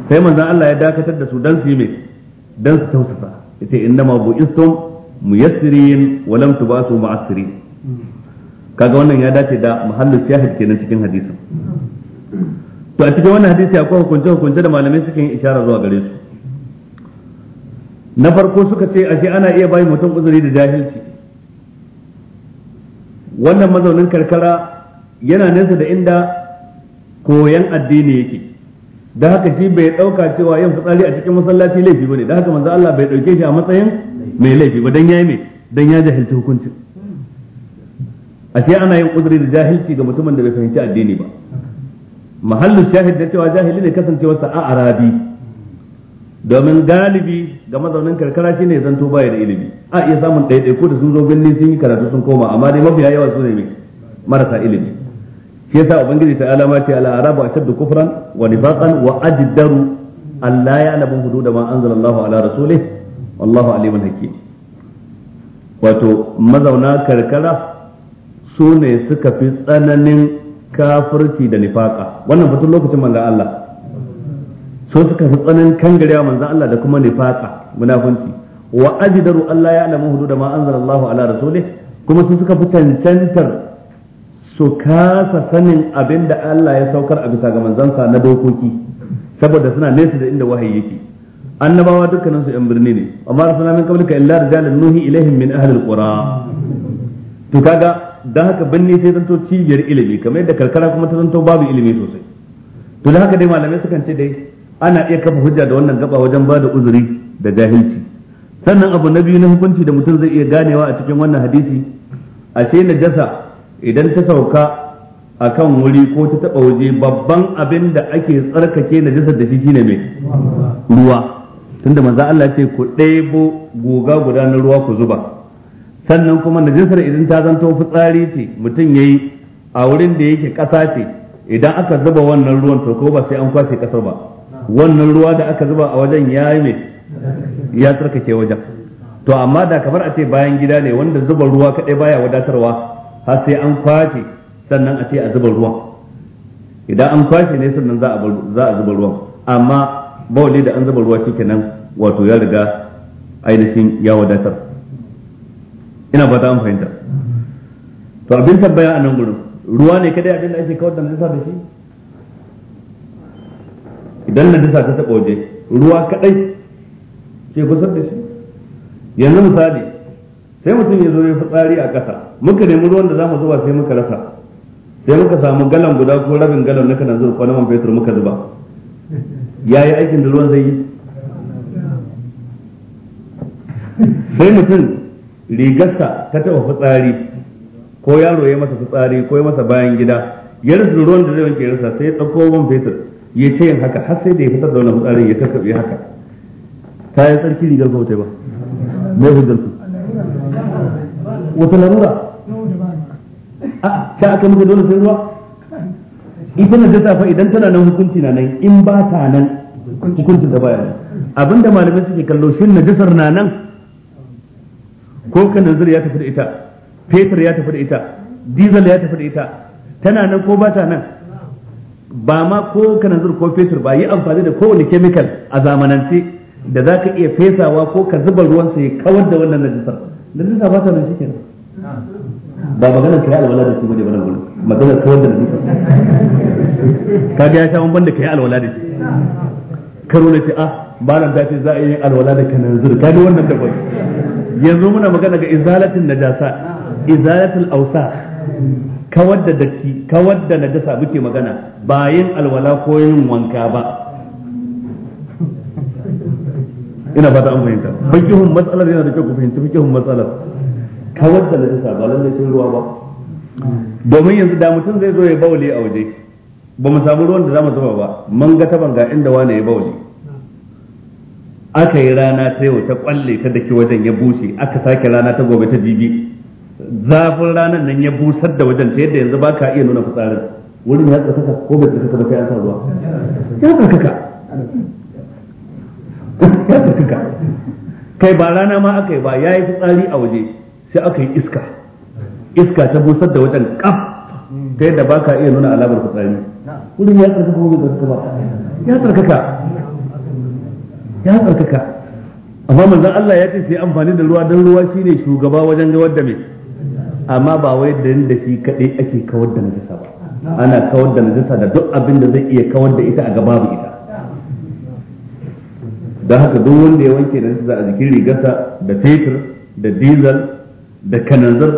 sai manzo Allah ya dakatar da su dan su yi mai dan su tausasa yace innama bu'istum muyassirin walam tubasu mu'assirin kaga wannan ya dace da mahallin shahid kenan cikin hadisin to a cikin wannan hadisi akwai hukunce hukunce da malamai suke yin isharar zuwa gare su na farko suka ce ashe ana iya bayi mutum uzuri da jahilci wannan mazaunin karkara yana nesa da inda koyan addini yake da haka shi bai dauka cewa yin fitsari a cikin masallaci laifi bane da haka manzo Allah bai dauke shi a matsayin mai laifi ba dan yayi mai dan ya jahilci hukuncin ashe ana yin uzuri da jahilci ga mutumin da bai fahimci addini ba mahallin shahid da cewa jahili ne kasancewar sa arabi domin galibi ga mazaunin karkara shine zanto baya da ilimi a iya samun ko da sun zo birni sun yi karatu sun koma amma dai mafiya yawa su ne marasa ilimi shi yasa ubangiji ta alama ce ala arabu ashaddu kufran wa nifaqan wa ajdaru an la ya'lamu hudud ma anzalallahu ala rasulih wallahu alimun hakim wato mazauna karkara su ne suka fi tsananin kafirci da nifaka wannan fatun lokacin manzan Allah so suka fi tsanan kangarewa manzan Allah da kuma nifaka munafunci wa ajidaru Allah ya alamu hudu da ma anzalallahu ala rasulih kuma su suka fi cancantar su kasa sanin abin da Allah ya saukar a bisa ga manzansa na dokoki saboda suna nesa da inda wahayi yake annabawa dukkanin su yan birni ne amma rasulana min qablika illa rijalan nuhi ilaihim min ahli alqura to kaga don haka binne sai zanto cibiyar ilimi kamar yadda karkara kuma ta zanto babu ilimi sosai to da haka dai malamai sukan ce dai ana iya kafa hujja da wannan gaba wajen ba da uzuri da jahilci sannan abu na biyu na hukunci da mutum zai iya ganewa a cikin wannan hadisi a ce najasa idan ta sauka a kan wuri ko ta taba waje babban abin da ake tsarkake najasa da shi shine mai ruwa tunda manzo Allah ce ku ɗebo goga guda na ruwa ku zuba sannan kuma najasar idan ta zanto fitsari ce mutum ya yi a wurin da yake ƙasa ce idan aka zuba wannan ruwan to ko ba sai an kwashe ƙasar ba wannan ruwa da aka zuba a wajen ya yi mai ya tsarkake wajen to amma da kamar a ce bayan gida ne wanda zuba ruwa kaɗai baya wadatarwa har sai an kwashe sannan a ce a zuba ruwan idan an kwashe ne sannan za a zuba ruwan amma bawali da an zuba ruwa shikenan wato ya riga ainihin ya wadatar ina ta an fahimta to abin tabbaya a nan gudun ruwa ne kadai abin da ake kawar da najasa da shi idan najasa ta taɓa waje ruwa kadai ke gusar da shi yanzu misali sai mutum ya zo ya fitsari a ƙasa muka nemi ruwan da za mu zuba sai muka rasa sai muka samu galan guda ko rabin galan na kanan zurfa na fetur muka zuba ya yi aikin da ruwan zai yi sai mutum rigarsa ta taba fitsari ko yaro ya masa fitsari ko ya masa bayan gida ya rasa ruwan da zai wanke rasa sai ya ɗauko ruwan fetur ya ce yin haka har sai da ya fitar da wannan fitsarin ya karkaɓe haka ta yi tsarki rigar ko ba mai hujjar ku wata larura a ta aka muka dole sai ruwa ita na jata fa idan tana nan hukunci na nan in ba ta nan hukuncin da baya nan abinda malamai suke kallo shin najasar na nan ko kananzir ya tafi da ita fetur ya tafi da ita diesel ya tafi da ita tana nan ko ba ta nan ba ma ko kananzir ko fetur ba yi amfani da kowane chemical a zamanance da za ka iya fesawa ko ka zuba ruwan sa ya kawar da wannan najisar najisa ba ta nan shi kenan ba maganar kai alwala da shi bane bane gurin maganar kawar da najisar ga ya sha banda kai alwala da shi karo na ce ah ba nan dace za a yi alwala da ka ga wannan da kwai yanzu muna magana ga izalatin najasa izalatul ausa kawar da datti kawar da najasa muke magana ba yin alwala ko yin wanka ba ina fata an fahimta fikihun matsalar yana da kyau ku fahimci fikihun matsalar kawar da najasa ba lallai sai ruwa ba domin yanzu da mutum zai zo ya baule a waje ba mu samu ruwan da za mu zuba ba mun ga taban ga inda wane ya baule aka yi rana ta yau ta kwalle ta ke wajen ya bushe aka sake rana ta gobe ta jibi zafin ranar nan ya busar da wajen ta yadda yanzu ba ka iya nuna fitsarin wurin ya tsakaka ko bai tsakaka ba sai an sa ruwa ya tsakaka ya tsakaka kai ba rana ma aka yi ba ya yi fitsari a waje sai aka yi iska iska ta busar da wajen kaf ta yadda ba ka iya nuna alamar fitsari wurin ya tsakaka ko bai tsakaka ba ya tsakaka ya tsarkaka amma manzon Allah ya ce sai amfani da ruwa dan ruwa shine shugaba wajen gawar da mai amma ba wai dan da shi kadai ake kawar da najasa ba ana kawar da najasa da duk abin da zai iya kawar da ita a gaba babu ita don haka duk wanda ya wanke da najasa a jikin rigarsa da fetur da diesel da kananzir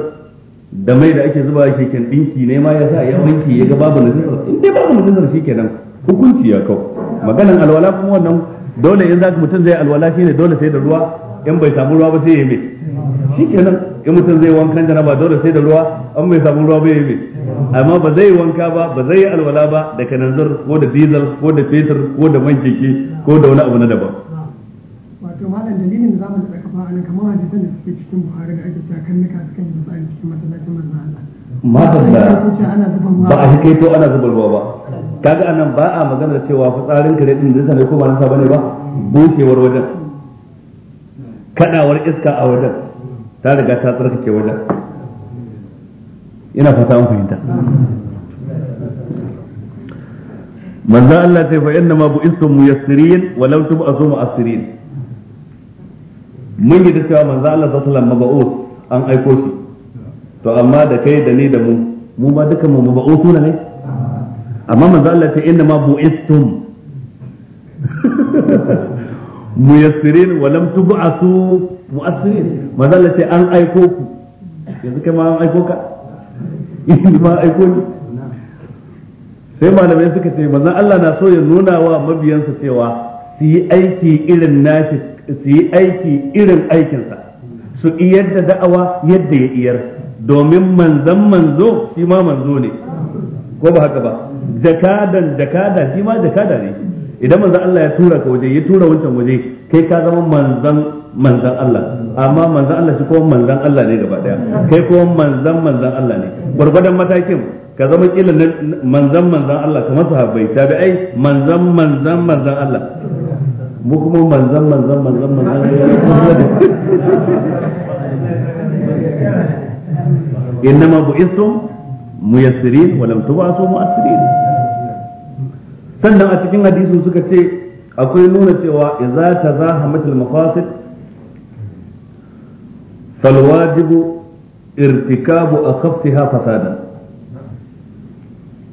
da mai da ake zuba shi kan dinki ne ma yasa ya wanke ya ga babu najasa in dai babu najasa shi kenan hukunci ya kau maganan alwala kuma wannan dole in zaka mutum zai alwala shine dole sai da ruwa in bai samu ruwa ba sai ya yi mai shikenan in mutum zai wankan janaba dole sai da ruwa an bai samu ruwa ba ya yi mai amma ba zai wanka ba ba zai yi alwala ba da kananzir ko da diesel ko da fetur ko da man keke ko da wani abu na daban wato malam dalilin da zamu da kafa anan kamar hadisan da suke cikin buhari da ake cewa kan nika sukan yi misali cikin masallacin manzon Allah matan da ba a to ana zuba ruwa ba kaga anan ba a magana da cewa fitsarin kare din da ne ko ba nasa bane ba bushewar wajen kadawar iska a wajen ta riga ta tsarkake wajen ina fata mun fahimta manzo Allah sai fa inna ma bu'istum muyassirin wa law tub'asu mu'assirin mun yi da cewa manzo Allah sallallahu alaihi wasallam mab'us an aiko shi to amma da kai da ni da mu mu ma dukan mu mab'usuna ne amma manzo Allah ta inna ma bu'istum muyassirin wa lam tub'asu mu'assirin manzo Allah ta an aiko ku yanzu kai ma an aiko ka in ma aiko ni sai malamai suka ce manzo Allah na so ya nuna wa mabiyansa cewa su yi aiki irin nashi su yi aiki irin aikinsa su iyar da da'awa yadda ya iyar domin manzan manzo shi ma manzo ne ko ba haka ba jakadan jakada shi ma jakada ne idan manzon Allah ya tura ka waje ya tura wancan waje kai ka zama manzon manzon Allah amma manzon Allah shi ko manzon Allah ne gaba daya kai ko manzon manzon Allah ne gurgurdan matakin ka zama kila manzon manzon Allah kamar sahabbai tabi'ai manzon manzon manzon Allah mu kuma manzon manzon manzon manzon Allah ma bu'istum muyassirin wa lam tubasu mu'assirin sannan a cikin hadisin suka ce akwai nuna cewa idza hamatul mafasid fal a irtikabu akhaffiha fasada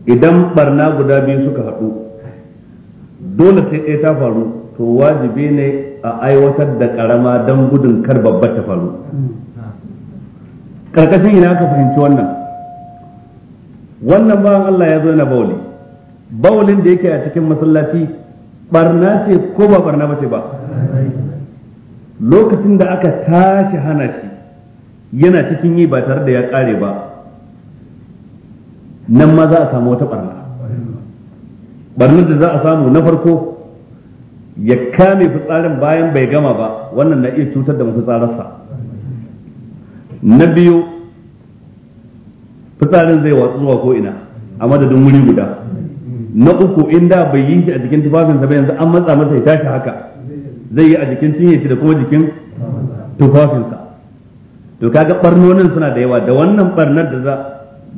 idan barna guda biyu suka haɗu dole sai ɗaya ta faru to wajibi ne a aiwatar da ƙarama don gudun kar babbar ta faru karkashin ina ka fahimci wannan wannan bawan Allah ya zo na bauli baulin da yake a cikin masallaci barna ce ko ba barna ba ce ba lokacin da aka tashi hana shi yana cikin yi ba tare da ya kare ba nan ma za a samu wata barna barnar da za a samu na farko ya kame fitsarin bayan bai gama ba wannan na iya cutar da tsararsa na biyu fitsarin zai watsu zuwa ko ina a madadin wuri guda na uku in da bai yi shi a jikin tufafinsa ba yanzu an matsa masa ya tashi haka zai yi a jikin cinye shi da kuma jikin tufafinsa to kaga barnonin suna da yawa da wannan barnar da za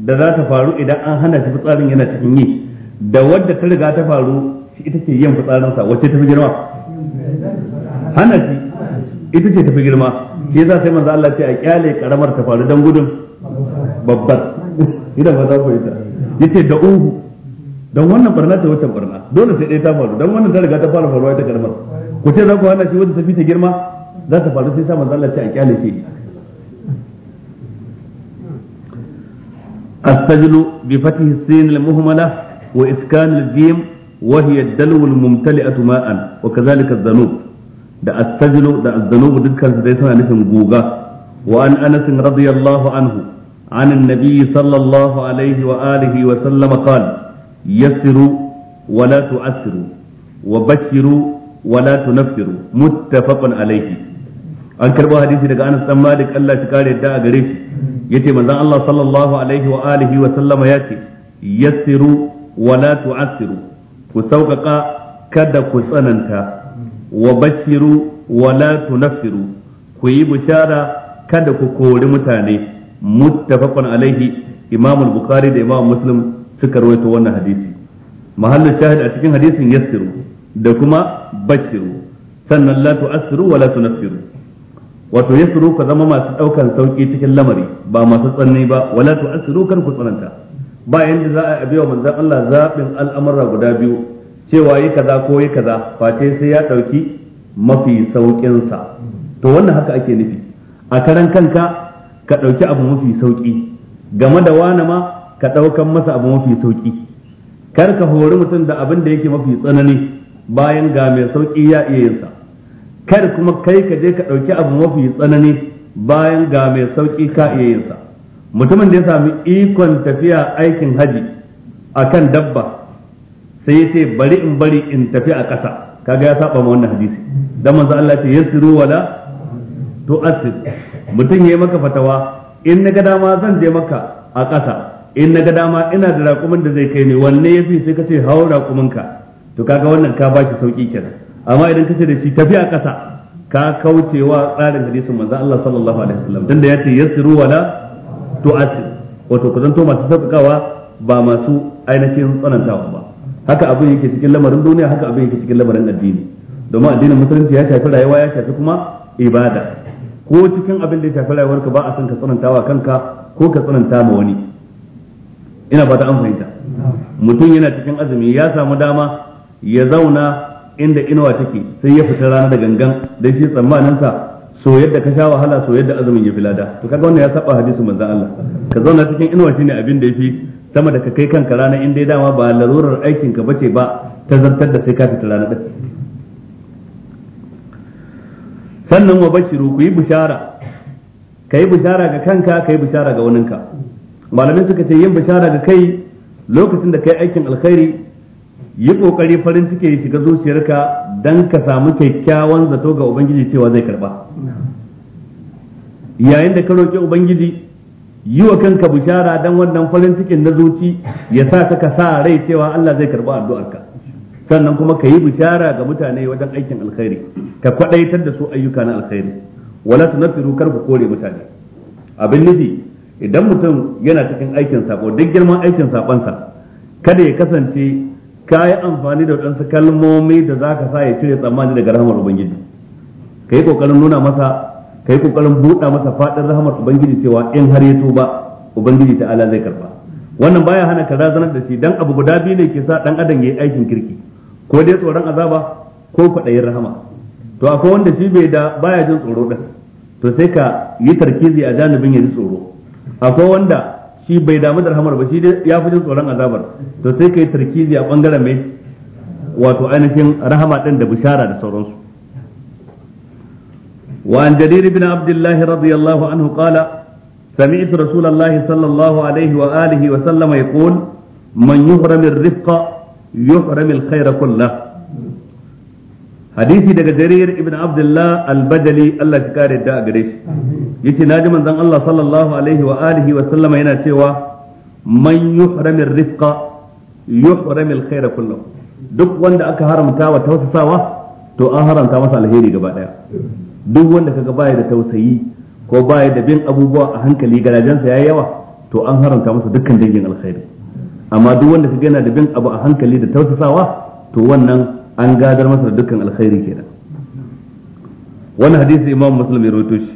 da za ta faru idan an hana shi fitsarin yana cikin yi da wadda ta riga ta faru shi ita ce yin fitsarinsa wacce ta fi girma hana shi ita ce ta fi girma shi yasa sai manzo Allah ce a kyale karamar ta faru dan gudun babbar ina ba za ku yi ta da uhu don wannan barna ta wata barna dole sai ɗaya ta faru don wannan ta riga ta fara faruwa ita karamar ku ce za ku hana shi wanda ta fi ta girma za ta faru sai sa manzo Allah ce a kyale shi السجل بفتح السين المهملة وإسكان الجيم وهي الدلو الممتلئة ماء وكذلك الذنوب da السجل da الذنوب دكان سيدنا نفهم جوجا وعن أنس رضي الله عنه عن النبي صلى الله عليه وآله وسلم قال يسروا ولا تعسروا وبشروا ولا تنفروا متفق عليه an karbo hadisi daga Anas dan Malik Allah shi kare da a gare shi yace manzon Allah sallallahu alaihi wa alihi wa sallama yace yassiru wa la tu'assiru ku sauƙaƙa kada ku tsananta wa bashiru wa la tunaffiru ku yi bishara kada ku kori mutane muttafaqun alaihi imam al-bukhari da imam muslim suka rawaito wannan hadisi mahallin shahid a cikin hadisin yassiru da kuma bashiru sannan la tu'assiru wa la tunassiru wato yassiru ka zama masu daukan sauki cikin lamari ba masu tsanni ba wala tu'assiru kar ku tsananta ba yanda za a abiya manzon Allah zabin al'amura guda biyu cewa yi kaza ko yi kaza face sai ya dauki mafi saukin sa to wannan haka ake nufi a karan kanka ka ɗauki abu mafi sauƙi game da wane ma ka ɗaukan masa abu mafi sauƙi kar ka hori mutum da abin da yake mafi tsanani bayan ga mai sauƙi ya iya yinsa kar kuma kai ka je ka ɗauki abu mafi tsanani bayan ga mai sauƙi ka iya yinsa mutumin da ya sami ikon tafiya aikin haji kan dabba sai ya ce bari in bari in tafi a ƙasa kaga ya saba ma wannan hadisi dan manzo Allah ya ce yasiru wala tu'assir mutum ya maka fatawa in na ga dama zan je maka a ƙasa in na ga dama ina da raƙumin da zai kai ni wanne ya fi sai ka ce hau ka to kaga wannan ka ba shi sauƙi kenan amma idan ka ce da shi tafi a ƙasa ka kauce wa tsarin hadisin manzon Allah sallallahu alaihi wasallam dan da yace yasiru wala tu'asir wato ku zanto masu sauƙaƙawa ba masu ainihin tsanantawa ba haka abin yake cikin lamarin duniya haka abin yake cikin lamarin addini domin addinin musulunci ya shafi rayuwa ya shafi kuma ibada ko cikin abin da ya shafi rayuwarka ba a son ka tsananta wa kanka ko ka tsananta ma wani ina fata amfani fahimta mutum yana cikin azumi ya samu dama ya zauna inda inuwa take sai ya fita rana da gangan dan shi tsammanin sa so yadda ka sha wahala so yadda azumin ya filada to kaga wannan ya saba hadisi manzo Allah ka zauna cikin inuwa shine abin da yafi sama da ka kai kanka rana inda ya dama ba larurar aikin ka bace ba ta zartar da sai ka fita rana da sannan wa bashiru ku yi bishara ka yi bishara ga kanka ka yi bishara ga waninka malamai suka ce yin bishara ga kai lokacin da kai aikin alkhairi yi kokari farin ciki ya shiga zuciyarka don ka samu kyakkyawan zato ga ubangiji cewa zai karba yayin da ka roƙi ubangiji yi wa kanka bishara don wannan farin cikin na zuci ya sa ka sa rai cewa Allah zai karba addu'arka sannan kuma ka yi bishara ga mutane wajen aikin alkhairi ka kwadaitar da su ayyuka na alkhairi wala tunfiru kar ku kore mutane abin nufi idan mutum yana cikin aikin sako duk girman aikin sakonsa kada ya kasance ka yi amfani da waɗansu kalmomi da za ka sa ya cire tsammani daga rahamar ubangiji ka yi kokarin nuna masa ka yi ƙoƙarin buɗa masa faɗin rahamar ubangiji cewa in har ya tuba ubangiji ta ala zai karba wannan baya hana ka razanar da shi dan abu guda biyu ne ke sa dan adam yi aikin kirki ko dai tsoron azaba ko kwaɗayin rahama to akwai wanda shi bai da baya jin tsoro din to sai ka yi tarkizi a janibin ya ji tsoro akwai wanda shi bai damu da rahamar ba shi dai ya fi jin tsoron azabar to sai ka yi tarkizi a bangaren mai wato ainihin rahama ɗin da bishara da sauransu وعن جرير بن عبد الله رضي الله عنه قال سمعت رسول الله صلى الله عليه وآله وسلم يقول من يهرم الرفق yuhram alkhaira kullah hadisi daga jarir ibn abdullah al-badali Allah ya kare da gare shi yace naji manzon Allah sallallahu yana cewa man yuhram ar-rifqa yuhram alkhaira duk wanda aka haramta wa tausasawa to an haramta masa alheri gaba daya duk wanda kaga baya da tausayi ko baya da bin abubuwa a hankali garajensa yayi yawa to an haramta masa dukkan dangin alkhairi amma duk wanda kaga yana da bin abu a hankali da tausasawa to wannan an gadar masa da dukkan alkhairi kenan wannan hadisi imam muslim ya rawaito shi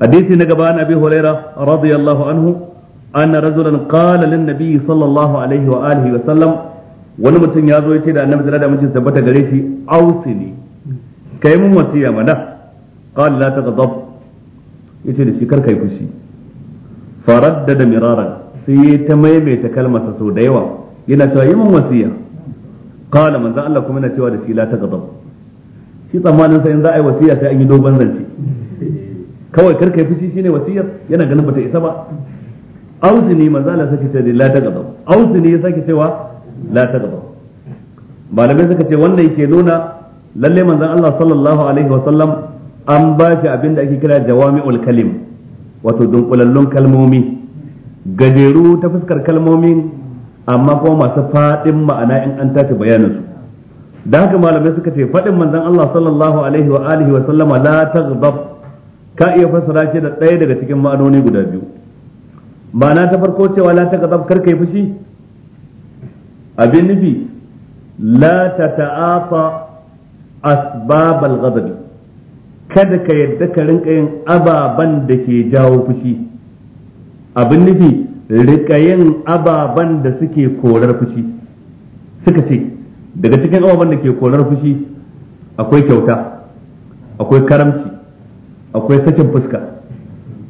hadisi na gaba na abi huraira radiyallahu anhu anna rajulan qala lin nabiy sallallahu alaihi wa alihi wa sallam wani mutum ya zo yace da annabi da mutum tabbata gare shi ausini kai mun wasiya mana qala la taghdab yace da shi kar kai fushi faraddada miraran sai ta maimaita kalmarsa sau da yawa yana cewa yi min wasiya qala manzo Allah kuma yana cewa da shi la taqdab shi tsammanin sai in za a yi wasiya sai an yi dogon zance kawai karka fushi shine wasiyar yana ganin bata isa ba auzini manzo Allah sake cewa la taqdab auzini ya sake cewa la taqdab malamai suka ce wannan ke nuna lalle manzon Allah sallallahu alaihi wa an ba shi abin da ake kira jawami'ul kalim wato dunkulallun kalmomi gajeru ta fuskar kalmomin amma kuma masu faɗin ma'ana in an tace bayanin su da haka malamai suka ce faɗin manzon Allah sallallahu alaihi wa alihi wa sallama la taghdab ka iya fassara shi da ɗaya daga cikin ma'anoni guda biyu ma'ana ta farko cewa la taghdab kar kai fushi abin nufi la tata'afa asbab al kada ka yadda ka rinka yin ababan da ke jawo fushi abin nufi rikayen ababen da suke korar fushi suka ce daga cikin ababen da ke korar fushi akwai kyauta akwai karamci akwai sakin fuska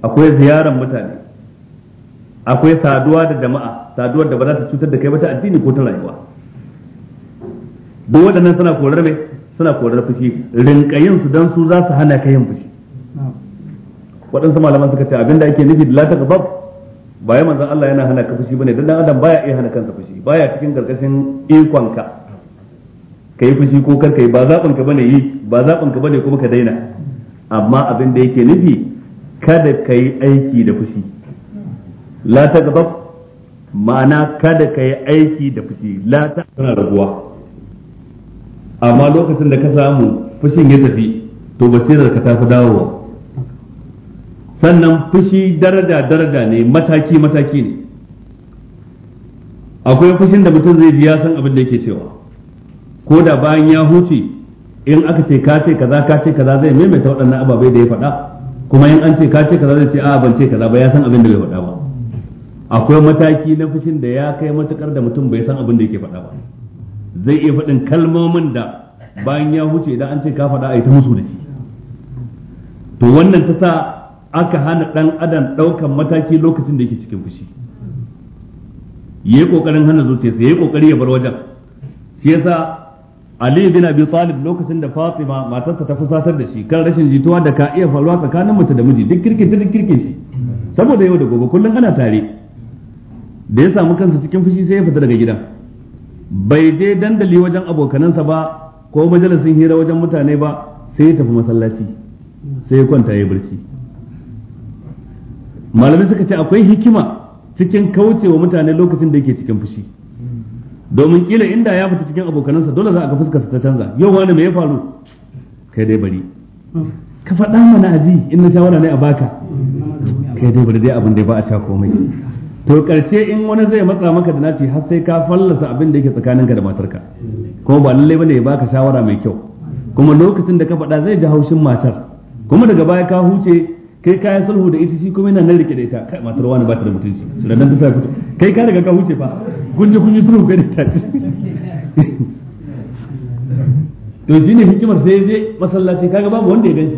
akwai ziyarar mutane akwai saduwa da jama'a saduwar da ba za ta cutar da kai ba ta addini ko ta rayuwa duk waɗannan suna korar mai suna korar fushi rinkayin su don su za su hana ka yin fushi waɗansu malaman suka ce abinda ake nufi da la Babu. ba ya manzan Allah yana hana ka fushi ne dan dan adam baya iya hana kansa fushi baya cikin karkashin ikon ka yi fushi ko kar yi ba zaɓin ka bane yi ba zaɓin ka bane kuma ka daina amma abin da yake nufi kada ka yi aiki da fushi la ta gaba ma'ana kada ka yi aiki da fushi la ta tana raguwa amma lokacin da ka samu fushin ya tafi to ba da ka tafi dawowa sannan fushi daraja daraja ne mataki mataki ne akwai fushin da mutum zai biya san abin da yake cewa ko da bayan ya huce in aka ce ka ce kaza ka ce kaza zai maimaita waɗannan ababai da ya faɗa kuma in an ce ka ce kaza zai ce a ban ce kaza ba ya san abin da bai faɗa ba akwai mataki na fushin da ya kai matukar da mutum bai san abin da yake faɗa ba zai iya faɗin kalmomin da bayan ya huce idan an ce ka faɗa a yi ta musu da shi to wannan ta sa aka hana ɗan adam ɗaukan mataki lokacin da yake cikin fushi yayi kokarin hana zuciyarsa yayi kokari ya bar wajen shi yasa Ali bin Abi Talib lokacin da Fatima matarsa ta fusatar da shi kan rashin jituwa da ka iya faruwa tsakanin mace da miji duk kirkin duk kirkin shi saboda yau da gobe kullun ana tare da ya samu kansa cikin fushi sai ya fita daga gidan bai je dandali wajen abokanansa ba ko majalisin hira wajen mutane ba sai ya tafi masallaci sai ya kwanta ya barci malamai suka ce akwai hikima cikin kaucewa mutane lokacin da yake cikin fushi domin kila inda ya fita cikin abokanansa dole za a ga fuskarsa ta canza yau wani me ya faru kai dai bari ka faɗa mana aji in na shawara ne a baka kai dai bari dai abin da ba a sha komai to karshe in wani zai matsa maka da naci har sai ka fallasa abin da yake tsakaninka da matarka kuma ba lallai bane ya baka shawara mai kyau kuma lokacin da ka faɗa zai ji haushin matar kuma daga baya ka huce kai kayan sulhu da ita shi kuma yana nan rike da ita kai matar wani ba ta da mutunci sannan ta fito kai ka daga ka huce fa kun je kun sulhu kai da ta to ne hikimar sai je masallaci kaga babu wanda ya ganshi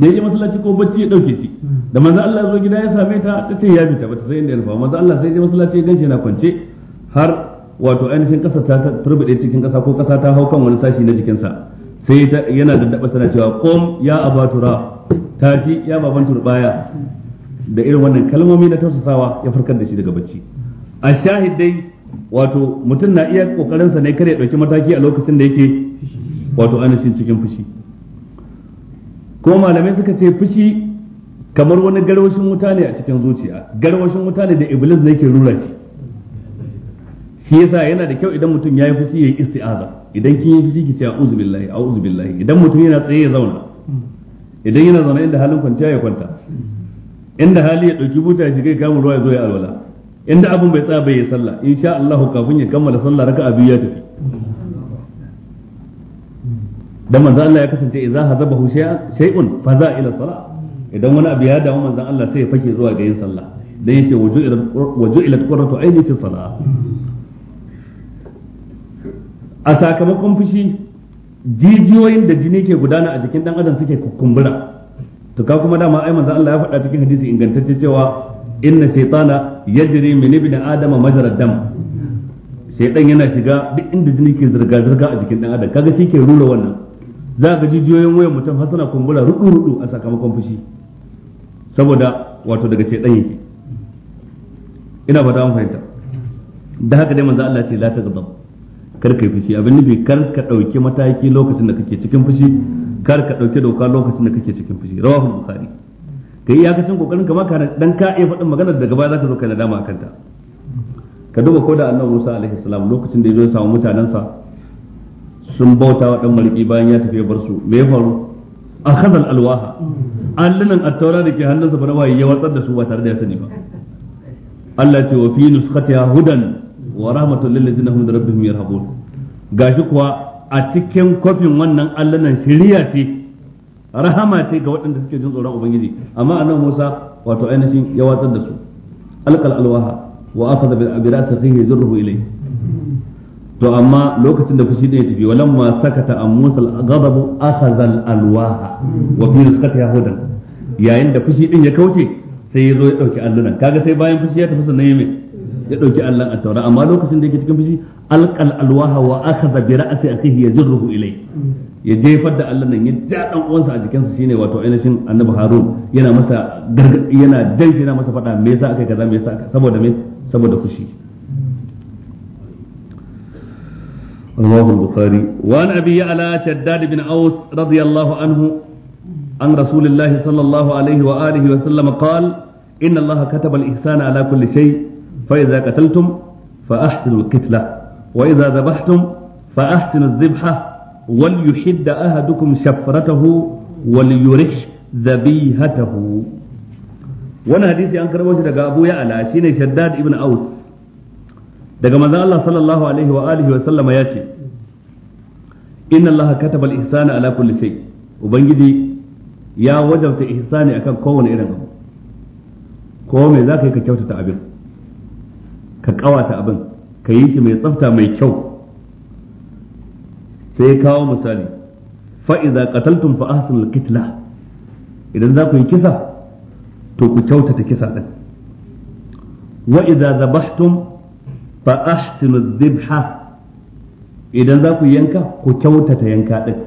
da ya je masallaci ko bacci ya dauke shi da manzo Allah zo gida ya same ta ta ce ya bita bata sai inda ya rufa manzo Allah sai je masallaci ya ganshi yana kwance har wato ainihin kasa ta turbide cikin kasa ko kasa ta hau kan wani sashi na jikinsa sai yana daddaba tana cewa qum ya abatura tashi ya baban turbaya da irin wannan kalmomi na tausasawa ya farkar da shi daga bacci a shahid dai wato mutum na iya kokarinsa ne kare dauki mataki a lokacin da yake wato anashin cikin fushi kuma malamai suka ce fushi kamar wani garwashin wuta ne a cikin zuciya garwashin wuta ne da iblis ne ke rura shi shi yasa yana da kyau idan mutum yi fushi yayi isti'aza idan kin yi fushi ki ce a'udhu billahi a'udhu billahi idan mutum yana tsaye ya zauna idan yana zaune inda halin kwanciya ya kwanta inda hali ya dauki buta ya shiga kamun ruwa ya zo ya alwala inda abin bai tsaya bai yi sallah insha Allah kafin ya kammala sallah raka abu ya tafi dan manzo Allah ya kasance idza hazabahu shay'un fa za ila salah idan wani abu ya damu manzo Allah sai ya fake zuwa ga yin sallah dan yace waju'ilat qurratu aini fi salah a sakamakon fushi jijiyoyin da jini ke gudana a jikin dan adam suke kumbura to ka kuma dama ai manzo Allah ya faɗa cikin hadisi ingantacce cewa inna shaytana yajri min ibni adama majra dam shaytan yana shiga duk inda jini ke zirga zirga a jikin dan adam kaga shi ke rura wannan za ga jijiyoyin wayar mutum har suna kumbura rudu rudu a sakamakon fushi saboda wato daga shaytan yake ina fata mun fahimta da haka dai manzo Allah ya ce la taghdab kar ka yi fushi abin nufi kar ka ɗauki mataki lokacin da kake cikin fushi kar ka ɗauki doka lokacin da kake cikin fushi rawahu bukhari yi yakacin kokarin ka maka dan ka iya faɗin maganar daga baya ka zo kai nadama a kanta. ka duba ko da annabi Musa alaihi salam lokacin da ya zo ya samu mutanansa sun bauta wa dan mulki bayan ya tafi ya bar su me ya faru akhadha al-alwaha allanan at-taura da ke hannunsa bana na wayi ya watsar da su ba tare da ya sani ba Allah ce wa fi ya hudan wa rahmatul lil ladzina hum rabbihim yarhabun gashi kuwa a cikin kofin wannan allanan shiriya ce rahama ce ga waɗanda suke jin tsoron ubangiji amma annabi Musa wato ainihin ya watsar da su alqal alwaha wa akhadha bil abirasihi zurruhu ilayhi to amma lokacin da fushi ɗaya tafi walan ma sakata an musal ghadabu akhadha al alwaha wa fi rizqati yahudan yayin da fushi din ya kauce sai ya zo ya dauki allunan kaga sai bayan fushi ya tafi sannan ya mai ya dauki Allah a taura amma lokacin da yake cikin fushi alƙal alwaha wa akhadha bi ra'si akhihi yajruhu ilai ya jefar da Allah nan ya ja dan uwansa a jikinsa shine wato ainihin annabi Harun yana masa yana danshi yana masa fada me yasa aka kaza me yasa saboda me saboda fushi رواه البخاري وعن ابي يعلى شداد بن اوس رضي الله عنه عن رسول الله صلى الله عليه واله وسلم قال ان الله كتب الاحسان على كل شيء فإذا قتلتم فأحسنوا القتلة وإذا ذبحتم فأحسنوا الذبحة وليحد أحدكم شفرته وليرح ذبيحته wani hadisi an karɓo shi daga Abu Ya'la shine Shaddad ibn aud daga manzon Allah sallallahu alaihi wa alihi wa sallama ya ce inna Allah kataba al-ihsana ala kulli shay ubangiji ya wajabta ihsani akan kowane irin abu ko me zaka yi ka kyautata abin ka kawata abin ka yi shi mai tsafta mai kyau sai kawo misali fa'iza qataltum fa ahsinul idan za ku yi kisa to ku kyautata kisa ɗin. Wa'iza idza zabahtum zibha idan za ku yanka ku kyautata yanka ɗin.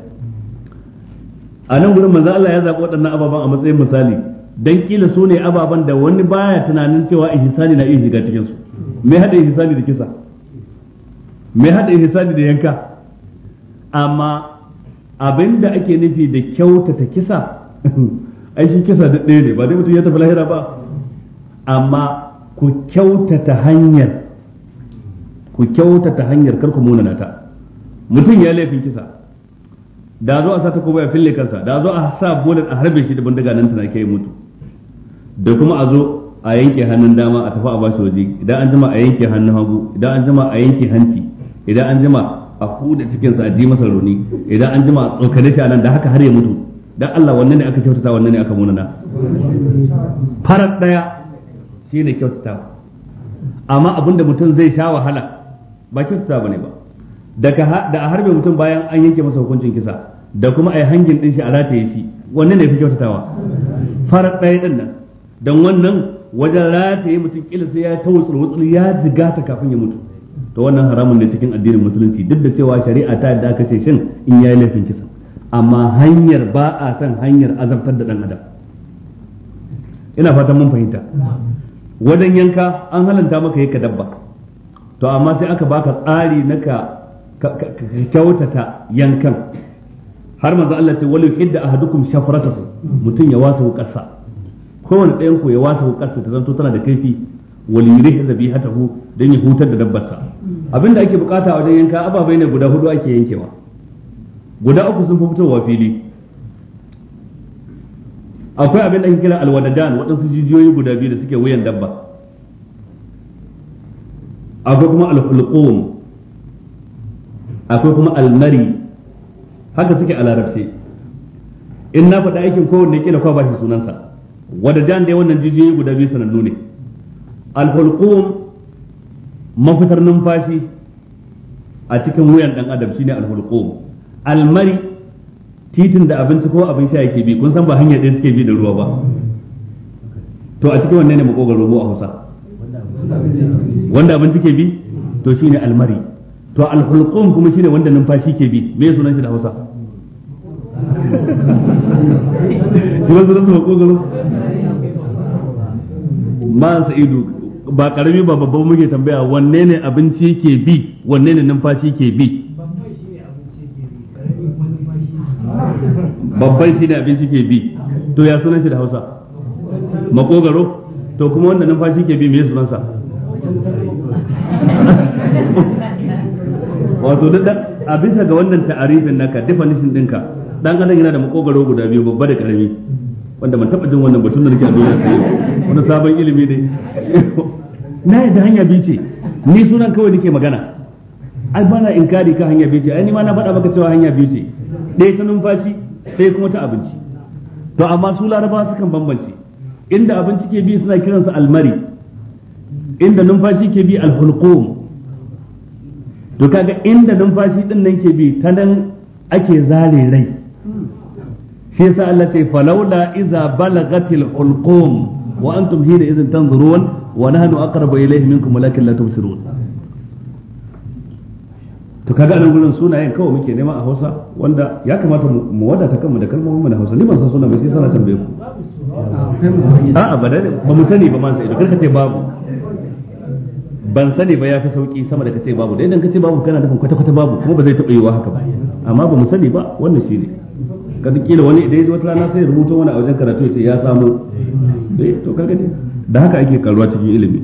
a nan gudun manzo Allah ya zaɓi waɗannan ababen a matsayin misali don kila su ne ababen da wani baya tunanin cewa ihsani na iya shiga cikinsu. me hada ihsani da kisa me hada ihsani da yanka amma abinda ake nufi da kyautata kisa ai shi kisa da ɗaya ne ba dai mutum ya tafi lahira ba amma ku kyautata hanyar ku kyautata hanyar kar munana ta mutum ya laifin kisa da zo a sa takobi a fille kansa da zo a sa bolan a harbe shi da bindiga nan tana kai mutu da kuma a zo a yanke hannun dama a tafi a bashi waje idan an jima a yanke hannun hagu idan an jima a yanke hanci idan an jima a huda cikinsa a ji masa rauni idan an jima a tsokane shi a nan da haka har ya mutu dan Allah wannan ne aka kyautata wannan ne aka munana farar daya shine kyautatawa amma abinda mutum zai sha wahala ba kyautata bane ba daga da a harbe mutum bayan an yanke masa hukuncin kisa da kuma a yi hangin din shi a rataye shi wannan ne fi kyautatawa farar daya din nan dan wannan wajen rataye mutum kila sai ya tawassul wutsul ya ta kafin ya mutu to wannan haramun ne cikin addinin musulunci duk da cewa shari'a ta yadda aka ce shin in yayi laifin kisa amma hanyar ba a san hanyar azabtar da dan adam ina fatan mun fahimta wajen yanka an halanta maka yi ka dabba to amma sai aka baka tsari na ka kyautata yankan har manzo Allah ce wal yuhidda ahadukum shafratahu mutum ya wasa wukarsa kowane ɗayan ku ya wasa ƙasa ta zanto tana da kaifi zabi hata ku don ya hutar da dabbarsa abinda ake bukata a wajen yanka ababai ne guda hudu ake yankewa guda uku sun fi fitowa fili akwai abin da ake kira alwadadan waɗansu jijiyoyi guda biyu da suke wuyan dabba akwai kuma alhulqum akwai kuma almari haka suke a larabci in na faɗa aikin kowanne kila kwa bashi sunansa jan dai wannan jijiyoyi guda biyu sanannu ne alhulqum mafitar numfashi a cikin wuyan dan adam shine alhulqum almari titin da abinci ko abin sha yake bi kun san ba hanyar ɗaya suke bi da ruwa ba to a cikin wanne ne makogaro mu a Hausa wanda abinci ke bi to shine almari to alhulqum kuma shine wanda numfashi ke bi me sunan shi da Hausa shi ba sunan makogaro ma sa'idu ba karami ba babba muke tambaya wanne ne abinci ke bi wanne ne numfashi ke bi babban shi ne abinci ke bi to ya sunan shi da Hausa makogaro to kuma wanda numfashi ke bi mai sunansa wato duk a bisa ga wannan ta'arifin naka definition ɗinka dan adam yana da makogaro guda biyu babba da karami wanda ban taba jin wannan batun da nake a duniya sai wani sabon ilimi ne na yadda hanya biyu ce ni sunan kawai nake magana ai bana inkari ka hanya biyu ce ai ni ma na faɗa maka cewa hanya biyu ce ɗaya ta numfashi ɗaya kuma ta abinci to amma su laraba sukan bambance inda abinci ke bi suna kiransa almari inda numfashi ke bi alhulqum to kaga inda numfashi din nan ke bi ta nan ake zare rai shi yasa Allah ce falawla iza balagatil hulqum wa antum hina idan tanzurun wa nahnu aqrabu ilayhi minkum walakin la tubsirun to kaga anan gurin sunayen kawai muke nema a Hausa wanda ya kamata mu wadata kanmu da kalmomin mu na Hausa ni ban san sunan ba sai sana tambaye ku a'a ba ba mu sani ba man sai ka ce babu ban sani ba ya fi sauki sama da ka ce babu da idan ce babu kana nufin kwata kwata babu kuma ba zai taɓa yiwa haka ba amma ba mu sani ba wannan shine kaga kila wani idan ya wata rana sai rubutun wani a wajen karatu sai ya samu eh to kaga ne da haka ake karuwa cikin ilimi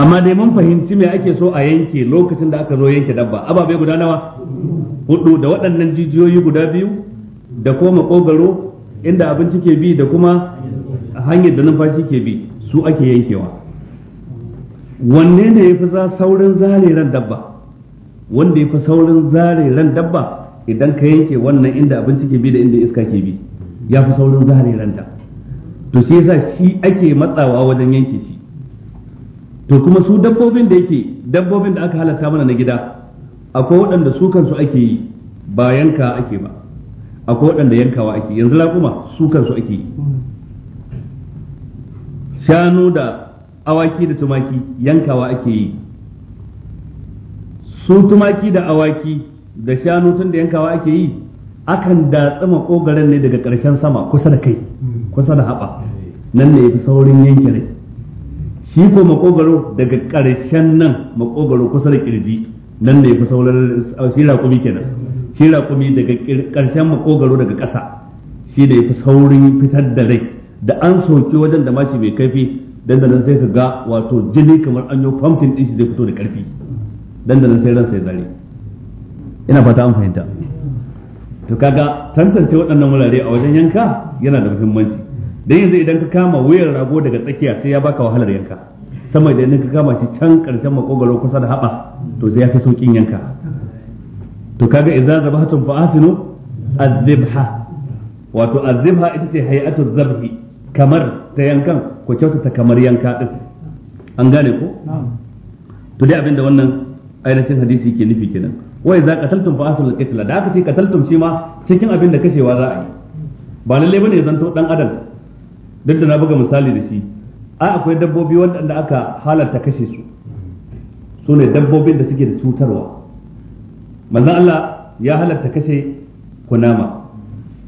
amma dai mun fahimci me ake so a yanke lokacin da aka zo yanke dabba ababe guda nawa hudu da waɗannan jijiyoyi guda biyu da kuma makogaro inda abinci ke bi da kuma hanyar da numfashi ke bi su ake yankewa wanne ne ya fi saurin zare ran dabba wanda ya fi saurin zare ran dabba idan ka yanke wannan inda abinci ke bi da inda iska ke bi ya fi saurin zahari ranta to shi yasa shi ake matsawa wajen yanke shi to kuma su dabbobin da yake dabbobin da aka halatta mana na gida akwai waɗanda su kansu ake yi ba yanka ake ba akwai waɗanda yankawa ake yanzu laƙuma su kansu ake yi shanu da awaki da tumaki yankawa ake yi su tumaki da awaki da shanu tun da yankawa ake yi akan datsi makogaren ne daga ƙarshen sama kusa da kai kusa da haɓa nan ne ya fi saurin yanke rai shi ko makogaro daga ƙarshen nan makogaro kusa da kirji nan ne ya fi saurin shi raƙumi kenan shi raƙumi daga ƙarshen makogaro daga ƙasa shi ne ya fi saurin fitar da rai da an soki wajen da mashi mai kaifi dandanan sai ka ga wato jini kamar an yi famfin ɗin shi zai fito da ƙarfi dandanan sai ran sai zare ina fata an fahimta to kaga tantance waɗannan wurare a wajen yanka yana da muhimmanci dan yanzu idan ka kama wayar rago daga tsakiya sai ya baka wahalar yanka sama idan ka kama shi can karshen makogaro kusa da haba to sai ya fi saukin yanka to kaga idza zabahatum fa asinu azbha wato azbha ita ce hay'atu zabhi kamar ta yankan ko kyautata kamar yanka din an gane ko to dai abinda wannan ainihin hadisi ke nufi kenan wa idza qataltum fa asul qitla da aka ce qataltum shi ma cikin abin da kashewa za a yi ba lalle bane ya zanto dan adam duk da na buga misali da shi a akwai dabbobi wanda aka halarta kashe su su ne dabbobin da suke da cutarwa manzon Allah ya halarta kashe kunama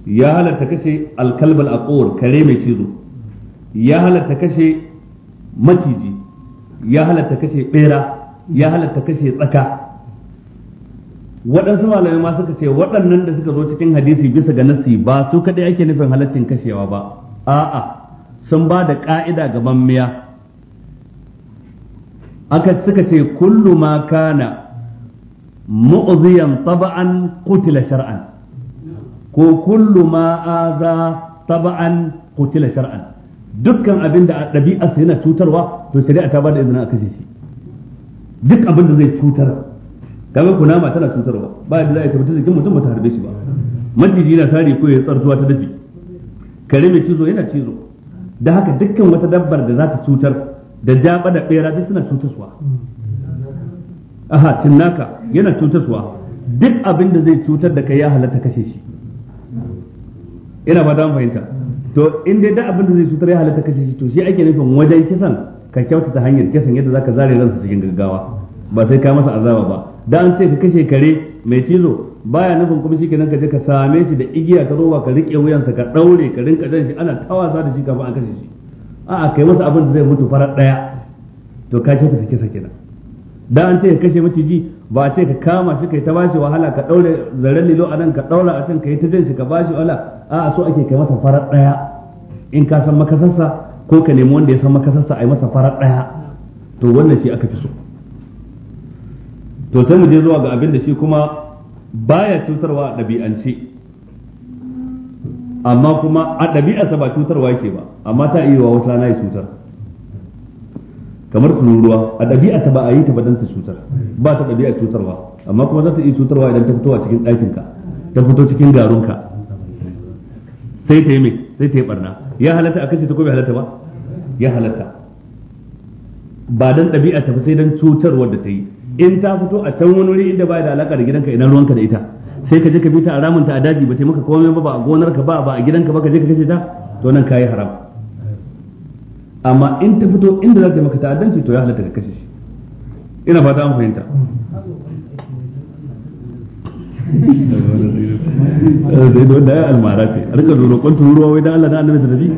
ya halarta kashe alkalbal aqur kare mai cizo ya halarta kashe maciji ya halarta kashe bera ya halarta kashe tsaka waɗansu malamai ma suka ce waɗannan da suka zo cikin hadisi bisa ga nassi ba su kaɗai ake nufin halaccin kashewa ba a'a sun ba da ƙa'ida ga mammiya aka suka ce kullu ma kana mu'ziyan taba'an qutila shar'an ko kullu ma aza taba'an qutila shar'an dukkan abin da ɗabi'arsa yana cutarwa to shari'a ta ba da izinin a kashe shi duk abin da zai cutar kaga kunama tana cutarwa ba yadda za a tabbata jikin mutum bata harbe shi ba majiji na sare ko ya tsarsuwa ta dafi kare mai cizo yana cizo da haka dukkan wata dabbar da za ta cutar da jaba da bera duk suna cutarwa aha tinaka yana cutarwa duk abin da zai cutar da kai ya halatta kashe shi ina ba an fahimta to in dai da abin da zai cutar ya halatta kashe shi to shi ake nufin wajen kisan ka kyautata hanyar kisan yadda zaka zare ransa cikin gaggawa ba sai ka masa azaba ba da an ce ka kashe kare mai cizo baya nufin kuma kenan ka je ka same shi da igiya ka roba ka rike wuyansa ka daure ka rinka jan shi ana tawasa da shi kafin an kashe shi a'a kai masa abin da zai mutu farar daya to ka ce ka sake da an ce ka kashe maciji ba a ce ka kama shi kai ta bashi wahala ka daure zaren lilo a nan ka daura a can kai ta jan shi ka bashi wala a so ake kai masa farar daya in ka san makasarsa ko ka nemi wanda ya san makasarsa a yi masa farar daya to wannan shi aka fi so to sai mu je zuwa ga abin da shi kuma baya cutarwa a ɗabi'ance amma kuma a ɗabi'arsa ba cutarwa yake ba amma ta iya wa wata na yi cutar kamar ruwa, a ɗabi'arsa ba a yi ta badan ta cutar ba ta ɗabi'ar cutarwa amma kuma za ta iya cutarwa idan ta fito a cikin ɗakinka ta fito cikin garunka sai ta yi mai sai ta yi barna ya halatta a kashe ta ko bai halatta ba ya halatta ba dan ɗabi'a ta sai dan cutarwar da ta yi in ta fito a can wani wuri inda ba da alaka da gidanka idan ruwanka da ita sai ka je ka bi ta a ramunta a daji ba ta maka komai ba ba a gonarka ba ba a gidanka ba ka je ka kace ta to nan kayi haram amma in ta fito inda za ta maka ta'addanci to ya halatta ka kashe shi ina fata an fahimta sai da wanda ya almara ce a rika roƙon turuwa wai don Allah na annabi da bi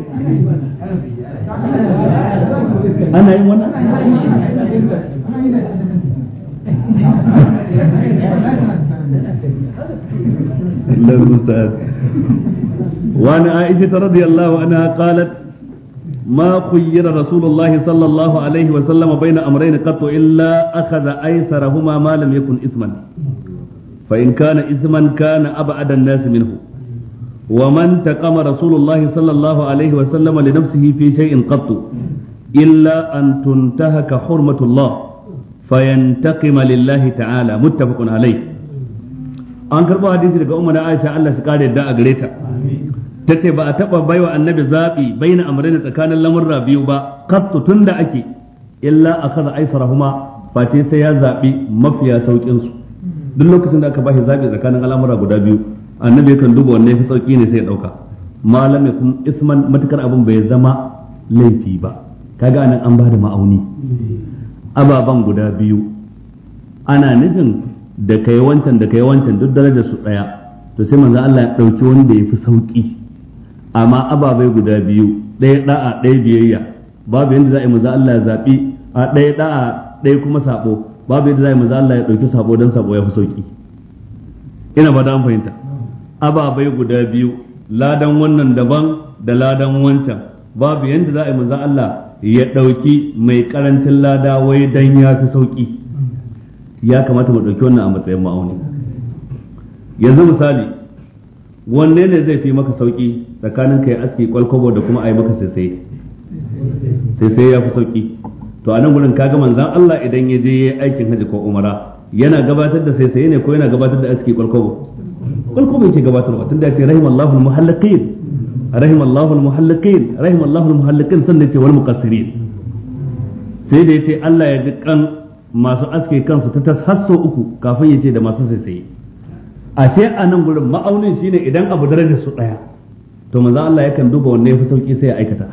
ana yin wannan illa musta'an wa an aisha radiyallahu anha qalat ما خير رسول الله صلى الله عليه وسلم بين أمرين قط إلا أخذ أيسرهما ما لم يكن إثما فإن كان إثما كان أبعد الناس منه ومن تقام رسول الله صلى الله عليه وسلم لنفسه في شيء قط إلا أن تنتهك حرمة الله فينتقم لله تعالى متفق عليه an karɓo hadisi daga umar aisha Allah su kare da a gare ta tace ce ba a taɓa baiwa annabi zaɓi bai na amrina tsakanin lamurra biyu ba kattu tun da ake illa a kaza aisara huma face sai ya zaɓi mafiya sauƙinsu hmm. duk lokacin da aka bashi zaɓi tsakanin al'amura guda biyu annabi kan duba wanne fi sauƙi ne sai ya ɗauka Malami yakun isman matukar abin bai zama laifi ba kaga anan an ba da ma'auni hmm. ababan guda biyu ana nufin da kai wancan da kai wancan duk darajar su daya to sai manzo Allah ya dauki wanda yafi sauki amma ababai guda biyu ɗaya da'a ɗaya biyayya babu yadda za a yi manzo Allah ya zabi a ɗaya da'a ɗaya kuma sabo babu yadda za a yi manzo Allah ya dauki sabo dan sabo ya fi sauki ina ba da an fahimta ababai guda biyu ladan wannan daban da ladan wancan babu yadda za a yi manzo Allah ya ɗauki mai ƙarancin lada wai dan ya fi sauƙi, ya kamata mu ɗauki wannan a matsayin ma'auni yanzu misali wanne ne zai fi maka sauƙi tsakanin ka ya aski kwalkwabo da kuma a yi maka sai sai ya fi sauƙi, to a nan ka kaga manzan Allah idan ya je ya yi aikin hajji ko umara yana gabatar da sai ne ko yana gabatar da aski kwalkwabo farko bai ce gabatar ba tunda ya ce rahimallahu muhallaqin rahimallahu muhallaqin rahimallahu muhallaqin sannan ce wal muqassirin sai da ya ce Allah ya ji kan masu aske kansu ta tas sau uku kafin ya ce da masu sai ashe a nan gurin ma'aunin shine idan abu darajar su daya to manzo Allah yakan duba wanne yafi sauki sai ya aikata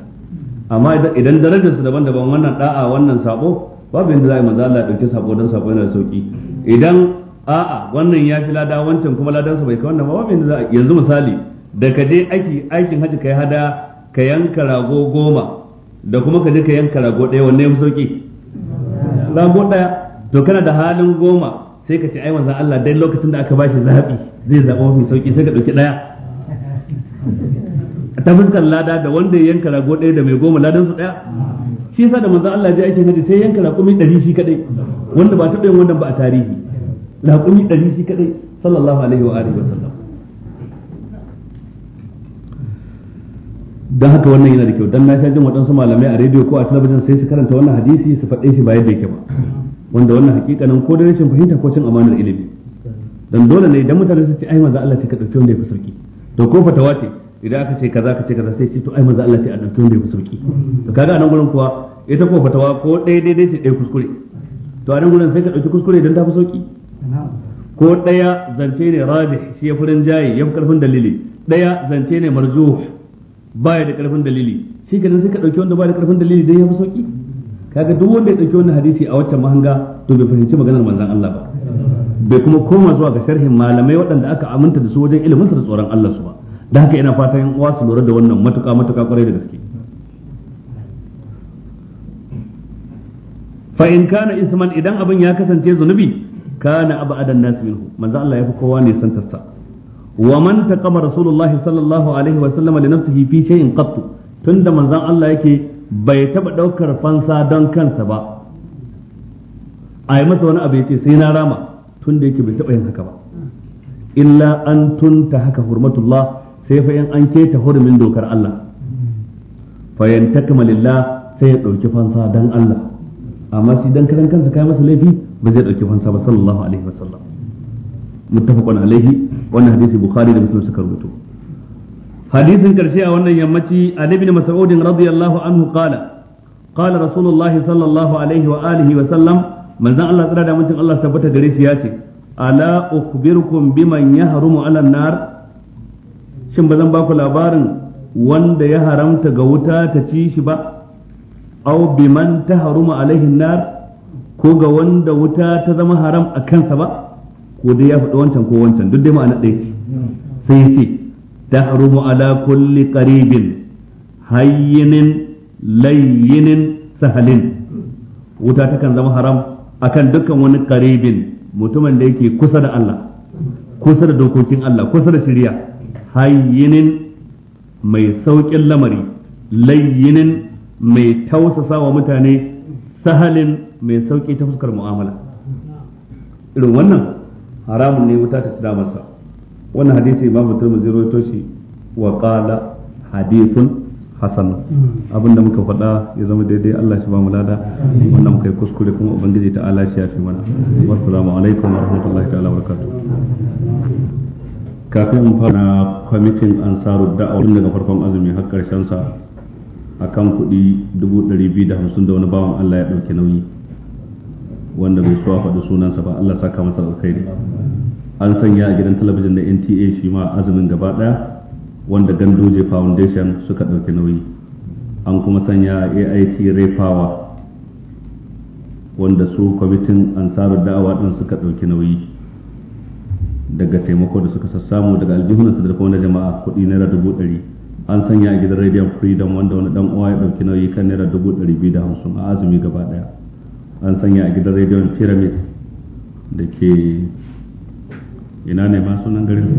amma idan darajar su daban-daban wannan da'a wannan sabo babu yadda za a yi manzo Allah ya dauki sabo don sabo yana da sauki idan a'a wannan ya fi lada wancan kuma ladansa bai kai wannan ba me za yanzu misali da ka je aiki aikin haji kai hada ka yanka rago goma da kuma ka je ka yanka rago ɗaya wanne ya sauki rago ɗaya to kana da halin goma sai ka ce ai manzon Allah dai lokacin da aka bashi zaɓi zai zaɓa mafi sauki sai ka ɗauki ɗaya ta fuskar lada da wanda ya yanka rago ɗaya da mai goma ladan su ɗaya shi yasa da manzon Allah ya je aikin haji sai yanka rago mai ɗari shi kaɗai wanda ba ta ɗayan wannan ba a tarihi raƙumi ɗari shi kadai sallallahu alaihi wa alihi wa sallam don haka wannan yana da kyau dan na sha jin waɗansu malamai a rediyo ko a talabijin sai su karanta wannan hadisi su faɗe shi ba yadda yake ba wanda wannan hakikanin ko da rashin fahimta ko cin amanar ilimi dan dole ne idan mutane su ce ai manzo Allah ce ka dauki wanda yafi sauki to ko fatawa ce idan aka ce kaza ka ce kaza sai ce to ai manzo Allah ce a dauki wanda yafi sauki to kaga nan gurin kuwa ita ko fatawa ko ɗaya dai ce ɗaya kuskure to a nan gurin sai ka dauki kuskure idan ta fi sauki ko ɗaya zance ne rabi shi ya furin jayi ya fi karfin dalili ɗaya zance ne marzu ba ya da karfin dalili shi ka sai ka ɗauki wanda ba da karfin dalili dai ya fi sauki kaga duk wanda ya ɗauki wannan hadisi a waccan mahanga to bai fahimci maganar manzon Allah ba bai kuma koma zuwa ga sharhin malamai waɗanda aka aminta da su wajen ilimin da tsoron Allah su ba da haka ina fatan yan uwa su lura da wannan matuƙa matuƙa ƙwarai da gaske fa in kana isman idan abin ya kasance zunubi kana abadan nas minhu manzo Allah yafi kowa ne san tassa wa man taqama rasulullahi sallallahu alaihi wa sallama li nafsihi fi shay'in qatt tunda manzo Allah yake bai taba daukar fansa don kansa ba a yi masa wani abu ya ce sai na rama tunda yake bai taba yin haka ba illa an tunta haka hurmatullah sai fa in an keta hurumin dokar Allah fa yantakama lillah sai ya dauki fansa dan Allah amma shi dan karan kansa kai masa laifi ba zai ɗauki fansa ba sallallahu alaihi wasallam muttafaqun alaihi wannan hadisi bukhari da muslim suka rubuto hadisin karshe a wannan yammaci ali ibn mas'ud radiyallahu anhu qala qala rasulullahi sallallahu alaihi wa alihi wa sallam manzon Allah tsara da mutum Allah tabbata gare shi ya ce ala ukhbirukum biman yahrumu ala nar shin bazan ba ku labarin wanda ya haramta ga wuta ta ci shi ba aw biman taharumu alaihi nar ko ga wanda wuta ta zama haram a kansa ba ko dai ya faɗi wancan ko wancan duk dai ma'ana ɗaya ce sai ya ce tahrumu ala kulli ƙaribin, hayyinin layyinin sahalin wuta ta kan zama haram a kan dukkan wani ƙaribin, mutumin da yake kusa da Allah kusa da dokokin Allah kusa da shirya, hayyinin mai sauƙin lamari layyinin mai tausasa wa mutane sahalin mai sauƙi ta fuskar mu'amala irin wannan haramun ne wuta ta tsada masa wannan hadisi imam turmizi rawaito shi wa qala hadithun hasan abinda muka faɗa ya zama daidai Allah shi ba mu lada wannan muka yi kuskure kuma ubangiji ta Allah shi ya fi mana wassalamu alaikum wa rahmatullahi ta'ala wa barakatuh kafin mu fara kwamitin ansaru da'awar daga farkon azumi har karshen sa akan kuɗi 250 da wani bawan Allah ya ɗauke nauyi wanda bai suwa faɗi sunansa ba Allah saka masa alkhairi an sanya a gidan talabijin na NTA shi ma azumin gaba ɗaya wanda Gandoje Foundation suka ɗauki nauyi an kuma sanya AIT Ray Power wanda su kwamitin ansarar da'awa ɗin suka ɗauki nauyi daga taimako da suka sassamu daga su da kuma na jama'a kuɗi naira dubu ɗari an sanya a gidan radio freedom wanda wani dan uwa ya ɗauki nauyi kan naira dubu ɗari biyu da hamsin a azumi gaba ɗaya an sanya a gidan rediyon pyramid da ke ina ne masu sunan garin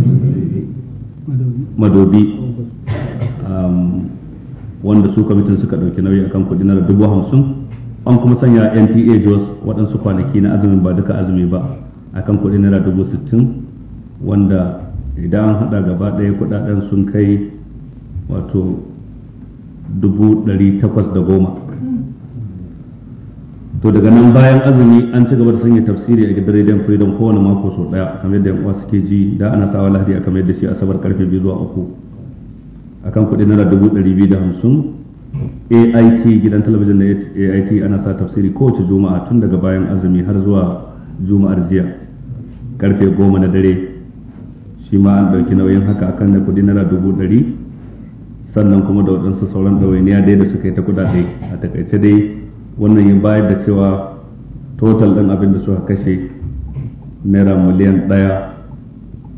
madobi um, wanda su kwamitin suka ɗauki nauyi akan kuɗi na dubu hamsin an kuma sanya nta jos waɗansu kwanaki na azumin ba duka azumi ba akan kuɗi naira dubu sittin wanda idan an haɗa gaba ɗaya kuɗaɗen sun kai wato dubu ɗari takwas da goma to daga nan bayan azumi an ci gaba da sanya tafsiri a gidan Radio Freedom kowane mako sau daya kamar yadda uwa suke ji da ana sawa lahadi a kamar yadda shi asabar karfe biyu zuwa uku akan kuɗi naira dubu ɗari biyu da hamsin AIT gidan talabijin da AIT ana sa tafsiri kowace juma'a tun daga bayan azumi har zuwa juma'ar jiya karfe goma na dare shi ma an ɗauki nauyin haka akan da kuɗi naira dubu ɗari sannan kuma da waɗansu sauran ɗawainiya dai da suka yi ta kuɗaɗe a takaice dai wannan ya bayar da cewa total ɗin abin da suka kashe naira miliyan ɗaya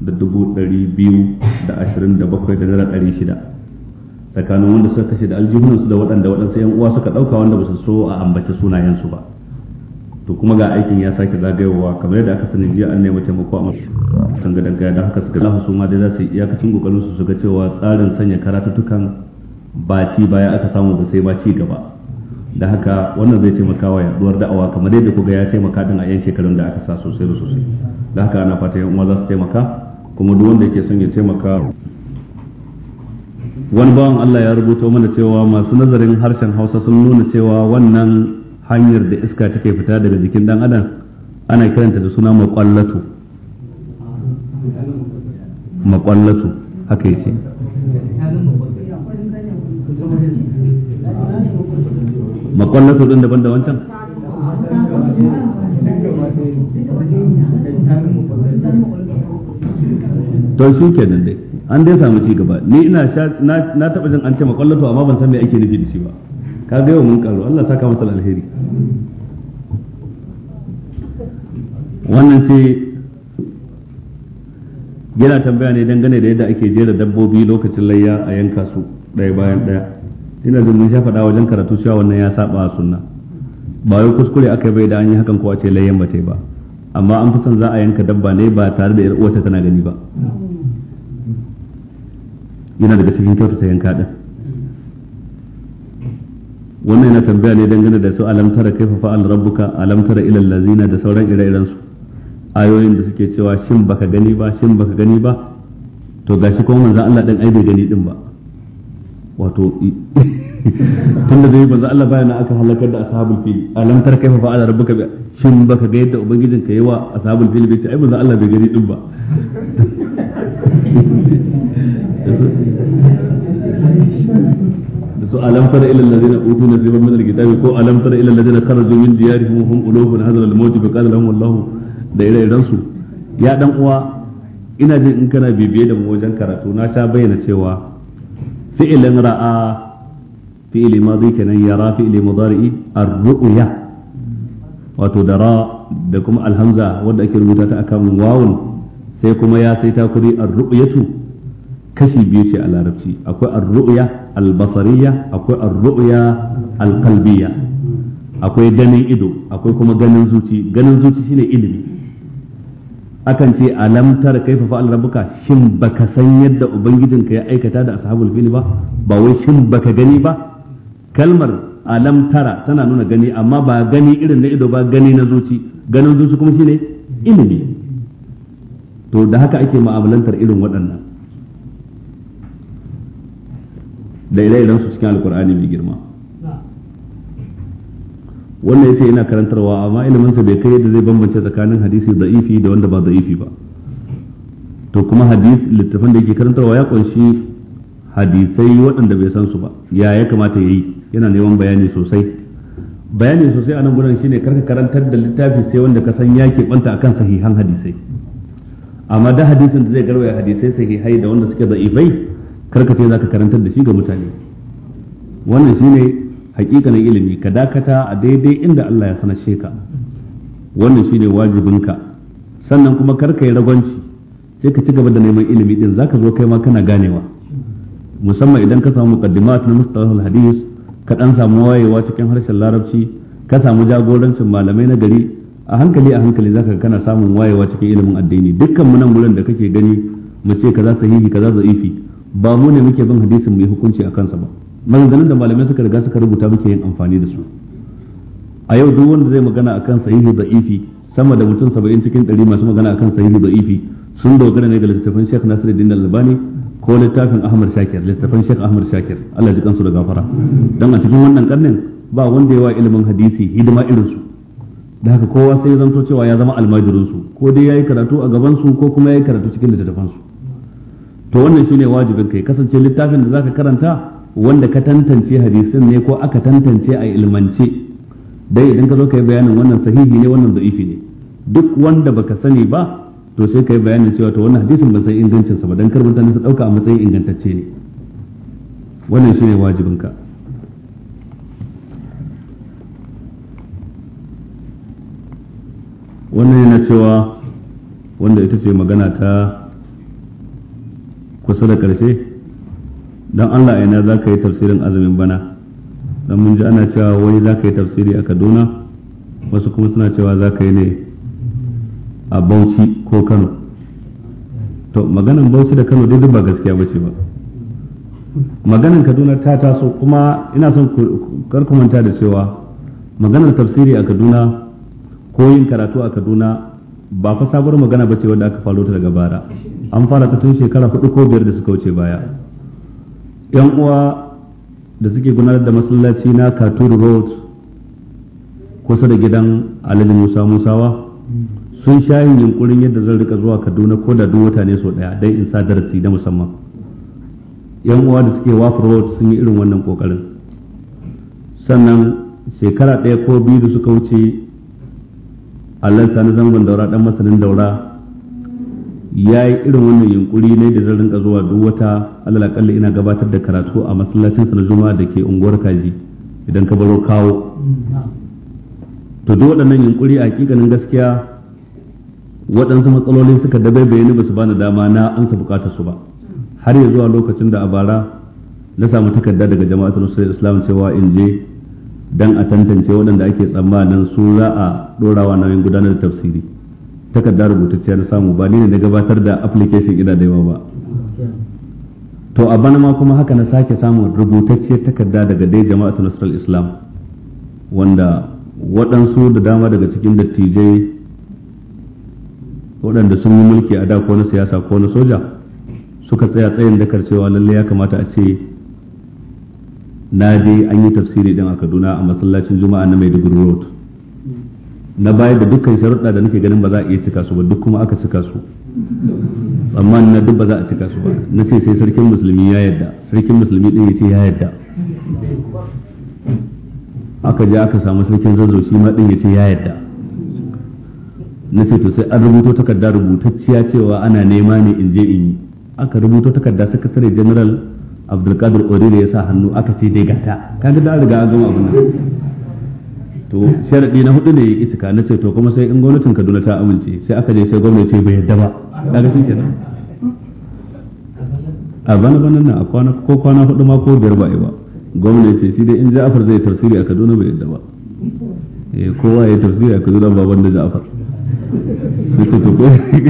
da dubu ɗari biyu da ashirin da bakwai da naira ɗari shida tsakanin wanda suka kashe da aljihunansu da waɗanda waɗansu yan uwa suka ɗauka wanda ba su so a ambaci sunayensu ba to kuma ga aikin ya sake zagayowa kamar yadda aka sani jiya an nemi taimako a masu tanga da haka suka lafa su ma dai za su yi iyakacin kokarin su su ga cewa tsarin sanya karatuttukan ba ci baya aka samu ba sai ba ci gaba da haka wannan zai taimaka wa yaduwar da'awa kamar yadda kuga ya taimaka din a yan shekarun da aka sa sosai da sosai da haka ana fata yan uwa za su taimaka kuma duk wanda yake son ya taimaka wani bawan Allah ya rubuta mana cewa masu nazarin harshen Hausa sun nuna cewa wannan hanyar da iska take fita daga jikin dan adam ana kiranta da suna maƙwallatu maƙwallatu haka yace makwallato din daban da wancan to shi kenan dai an dai samu ci gaba ni ina na taba jin an ce to amma ban san me ake nufi da shi ba ka ga yau mun karo Allah saka masa alheri wannan sai yana tambaya ne dangane da yadda ake jera dabbobi lokacin layya a yanka su ɗaya bayan ɗaya ina da mun sha faɗa wajen karatu cewa wannan ya saba sunna ba wai kuskure aka bai da an yi hakan ko a ce layyan ba ba amma an fi son za a yanka dabba ne ba tare da yar uwarta tana gani ba yana daga cikin kyautu ta yanka din wannan yana tambaya ne dangane da su alam tara kaifafa fa'al rabbuka alam tara ila allazina da sauran ire-iren su ayoyin da suke cewa shin baka gani ba shin baka gani ba to gashi kuma manzo Allah din ai bai gani din ba wato tunda dai manzo Allah bayan aka halakar da ashabul fil alam tar kaifa fa'ala rabbuka shin baka ga yadda ubangijin ka yawa ashabul fil bai ce ai manzo Allah bai gani din ba su alam tara ila allazina utu nasiban min alkitabi ko alam tara ila allazina kharaju min diyarihim hum ulubun hadhal almawt fa qala lahum wallahu da ira idan su ya dan uwa ina jin in kana bibiye da mu wajen karatu na sha bayyana cewa fi'ilan ra'a fi'ili madhi kenan yara fi'ili mudari'i ar-ru'ya wato da da kuma alhamza wanda ake rubuta ta akan wawun sai kuma ya sai takuri ar-ru'yatu kashi biyu ce a larabci akwai ar-ru'ya al-basariyya akwai ar-ru'ya al-qalbiyya akwai ganin ido akwai kuma ganin zuci ganin zuci shine ilimi akan ce alam tara kaifa fa'al rabbuka shin baka san yadda ubangijinka ya aikata da ashabul fil ba ba wai shin baka gani ba kalmar alam tara tana nuna gani amma ba gani irin na ido ba gani na zuci ganin zuci kuma shine ilimi to da haka ake ma'amalantar irin waɗannan da ire-iren su cikin alkur'ani mai girma wannan yace yana karantarwa amma ilimin sa bai kai yadda zai bambance tsakanin hadisi da'ifi da wanda ba da'ifi ba to kuma hadis littafin da yake karantarwa ya kunshi hadisai waɗanda bai san su ba ya ya kamata ya yi yana neman bayani sosai bayani sosai a nan gudan shine karka karantar da littafi sai wanda ka san ya keɓanta akan sahihan hadisai amma da hadisin da zai garwaya hadisai sahihai da wanda suke zaifai karka ce zaka karantar da shi ga mutane wannan shine hakikanin ilimi ka dakata a daidai inda Allah ya sanar ka wannan shine wajibinka sannan kuma karka yi ragwanci sai ka ci gaba da neman ilimi din zaka zo kai ma kana ganewa musamman idan ka samu muqaddimat na mustalahul hadis ka dan samu wayewa cikin harshen larabci ka samu jagorancin malamai na gari a hankali a hankali zaka kana samun wayewa cikin ilimin addini dukkan mu nan gurin da kake gani mu ce kaza sahihi kaza za'ifi ba mu ne muke bin hadisin mu yi hukunci a kansa ba maganganun da malamai suka riga suka rubuta muke yin amfani da su a yau duk wanda zai magana akan sahihi za'ifi sama da mutum saba'in cikin ɗari masu magana akan sahihi za'ifi sun dogara ne ga littafin Sheikh Nasiruddin Albani ko littafin Ahmad Shakir littafin Sheikh Ahmad Shakir Allah ji kansu da gafara dan a cikin wannan karnin ba wanda ya yawa ilimin hadisi hidima irin su da haka kowa sai ya zanto cewa ya zama almajirin su ko dai yayi karatu a gaban su ko kuma yayi karatu cikin littafin su to wannan shine wajibin kai kasance littafin da zaka karanta wanda ka tantance hadisin ne ko aka tantance a ilmance dai idan ka zo ka yi bayanin wannan sahihi ne wannan da'ifi ne duk wanda baka sani ba to sai kai bayanin cewa to wannan hadisin ban san ingancin sa ba dan karbanta ne su dauka a matsayin ingantacce ne wannan shine wajibin ka wannan yana cewa wanda ita ce magana ta kusa da karshe dan Allah ina za ka yi tafsirin azumin bana dan mun ji ana cewa wani za ka yi tafsiri a Kaduna wasu kuma suna cewa za ka yi ne a Bauchi ko Kano to maganan Bauchi da Kano dai ba gaskiya bace ba maganan Kaduna ta taso kuma ina son ku da cewa maganar tafsiri a Kaduna ko yin karatu a Kaduna ba fa sabuwar magana ba ce wanda aka faro ta daga bara an fara ta tun shekara hudu ko biyar da suka wuce baya yan uwa da suke gudanar da masallaci na Katuru Road kusa da gidan Alhaji Musa Musawa sun sha yin yunkurin yadda zan rika zuwa kaduna ko da duwata ne sau daya dai in sa darasi na musamman yan uwa da suke wafar road sun yi irin wannan kokarin sannan shekara ɗaya ko biyu da suka wuce allah sani zangon daura dan masanin daura ya yi irin wannan yunkuri ne da zan rinka zuwa duwata wata kalli ina gabatar da karatu a masallacin sa na juma'a da ke unguwar kaji idan ka baro kawo mm, to duk waɗannan yunkuri a hakikanin gaskiya waɗansu matsaloli suka bai ni ba su bani dama na ansa bukatar su ba har ya zuwa lokacin da a bara na samu takarda daga jama'atul nusrar islam cewa in je dan a tantance waɗanda ake tsammanin su za a ɗorawa nauyin gudanar da tafsiri takarda rubutacciya na samu ba ni ne na gabatar da application ina da yawa ba to a bana ma kuma haka na sake samun rubutacciyar takarda daga dai jama'atul nusrar islam wanda waɗansu da dama daga cikin dattijai waɗanda sun yi mulki a da ko na siyasa ko na soja suka tsaya tsayin dakar cewa lalle ya kamata a ce na je an yi tafsiri din a kaduna a masallacin juma'a na maiduguri road na bayar da dukkan sharuɗa da nake ganin ba za a iya cika su ba duk kuma aka cika su tsammanin na duk ba za a cika su ba na ce sai sarkin musulmi ya yadda sarkin musulmi din ya ce ya yadda aka je aka samu sarkin zazzau shi ma din ya ce ya yadda na ce to sai an rubuto takarda rubutacciya cewa ana nema ne in je in yi aka rubuto takarda sakatare general abdulkadir orire ya sa hannu aka ce dai gata kaga da riga an gama abin nan to sharadi na hudu ne iska na ce to kuma sai in gwamnatin kaduna ta amince sai aka je sai gwamnati ce bai yadda ba kaga shi kenan a bana bana nan a kwana ko kwana hudu ma ko biyar ba ba gwamnati shi dai in ja'afar zai tafsiri a kaduna bai yadda ba eh, kowa ya tafsiri a kaduna ba wanda ja'afar ya ce